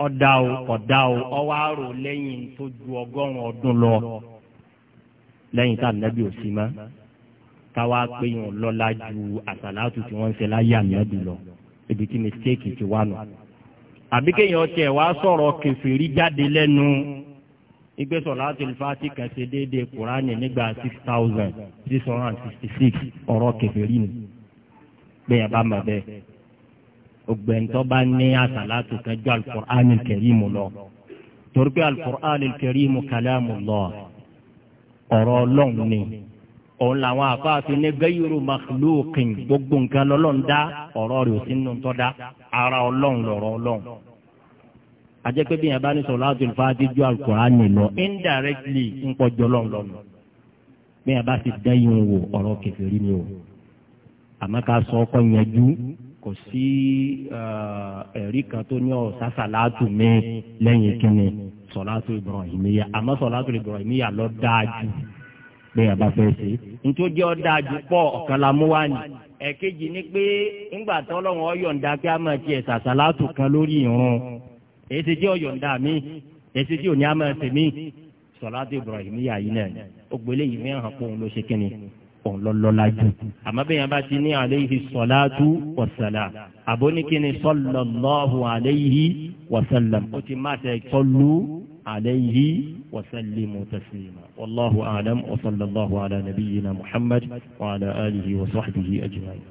ọ̀dà o ọ̀dà o ọwọ́ àrò lẹ́yìn tó ju ọgọ́rùn-ún ọdún lọ lẹ́yìn tá ànábì ò sí mọ́ káwá pé yàn lọ́la ju àsàlátù tí wọ́n ń ṣe láyé ànábì lọ ibi tí mistake ti wà nù. àbí kéèyàn tiẹ̀ wá sọ̀rọ̀ kẹfìrí jáde lẹ́nu igbe sọ̀látùl fàtí kan ṣe déédéé kùránì nígbà six thousand six hundred and sixty six ọ̀rọ̀ kẹfìrí ni bẹ́ẹ̀ bá mọ̀ bẹ́ẹ̀ ògbẹ́ntọ́ bá ní àsàlátù kan ju alukur'ani kẹrìmù lọ torí pé alukur'ani kẹrìmù kàlámù lọ ọ̀rọ̀ ọlọ́run ni òun làwọn àfáàfin ní gẹ́yìrú makhluqin gbogbo nǹkan lọ́lọ́run dá ọ̀rọ̀ rẹ̀ ò sí nínú tó dá ara ọlọ́run lọ̀rọ̀ ọlọ́run. àjẹpẹ́ bí yẹn bá ní solatul fati ju al-Qur'ani lọ indirectly ń pọ̀jọ́ ọlọ́run lọ́nu. bí yẹn bá ti dẹ́yìn wò ọ̀rọ̀ kẹfẹ́rí ni o. àmọ́ ká sọ ọkọ yanjú kò sí ẹ̀rí kan tó ní ọ̀sásà látù mi lẹ́yìn kínní solatul Ibrahimiyya àmọ́ solatul pé a bá fẹ́ ṣe. nítorí ọ̀dà àjùpọ̀ ọ̀kan la mú wá ní. ẹ̀kejì ni pé ńgbà tọ́lọ́run ọ̀yọ̀ǹda kí a máa tiẹ̀ sàṣàlátù kan lórí ìrun èsì tí ọ̀yọ̀ǹda mi èsì tí òní a máa ṣe mí sọ̀látù Ibrahimiyya yìí náà ó gbélé yìí fi hàn pé òun ṣe kíni òun lọ́lọ́lá jù. àmọ́ bí yẹn bá ti ní àléhì sọ̀láàtú wọ̀sàlà àbóníkíni sọ́lọ́lọ́hùn àléhì wọ̀sàlà ó ti má tẹ̀ sọ́lú àléhì wọ̀sàlìmù tẹ̀sílìmù. wàlláhu àlám wàsàlọ́lọ́hùn àlá nàbíyìnà muhammad wàlá àlìhì wàsàlìhì àjùmáyì.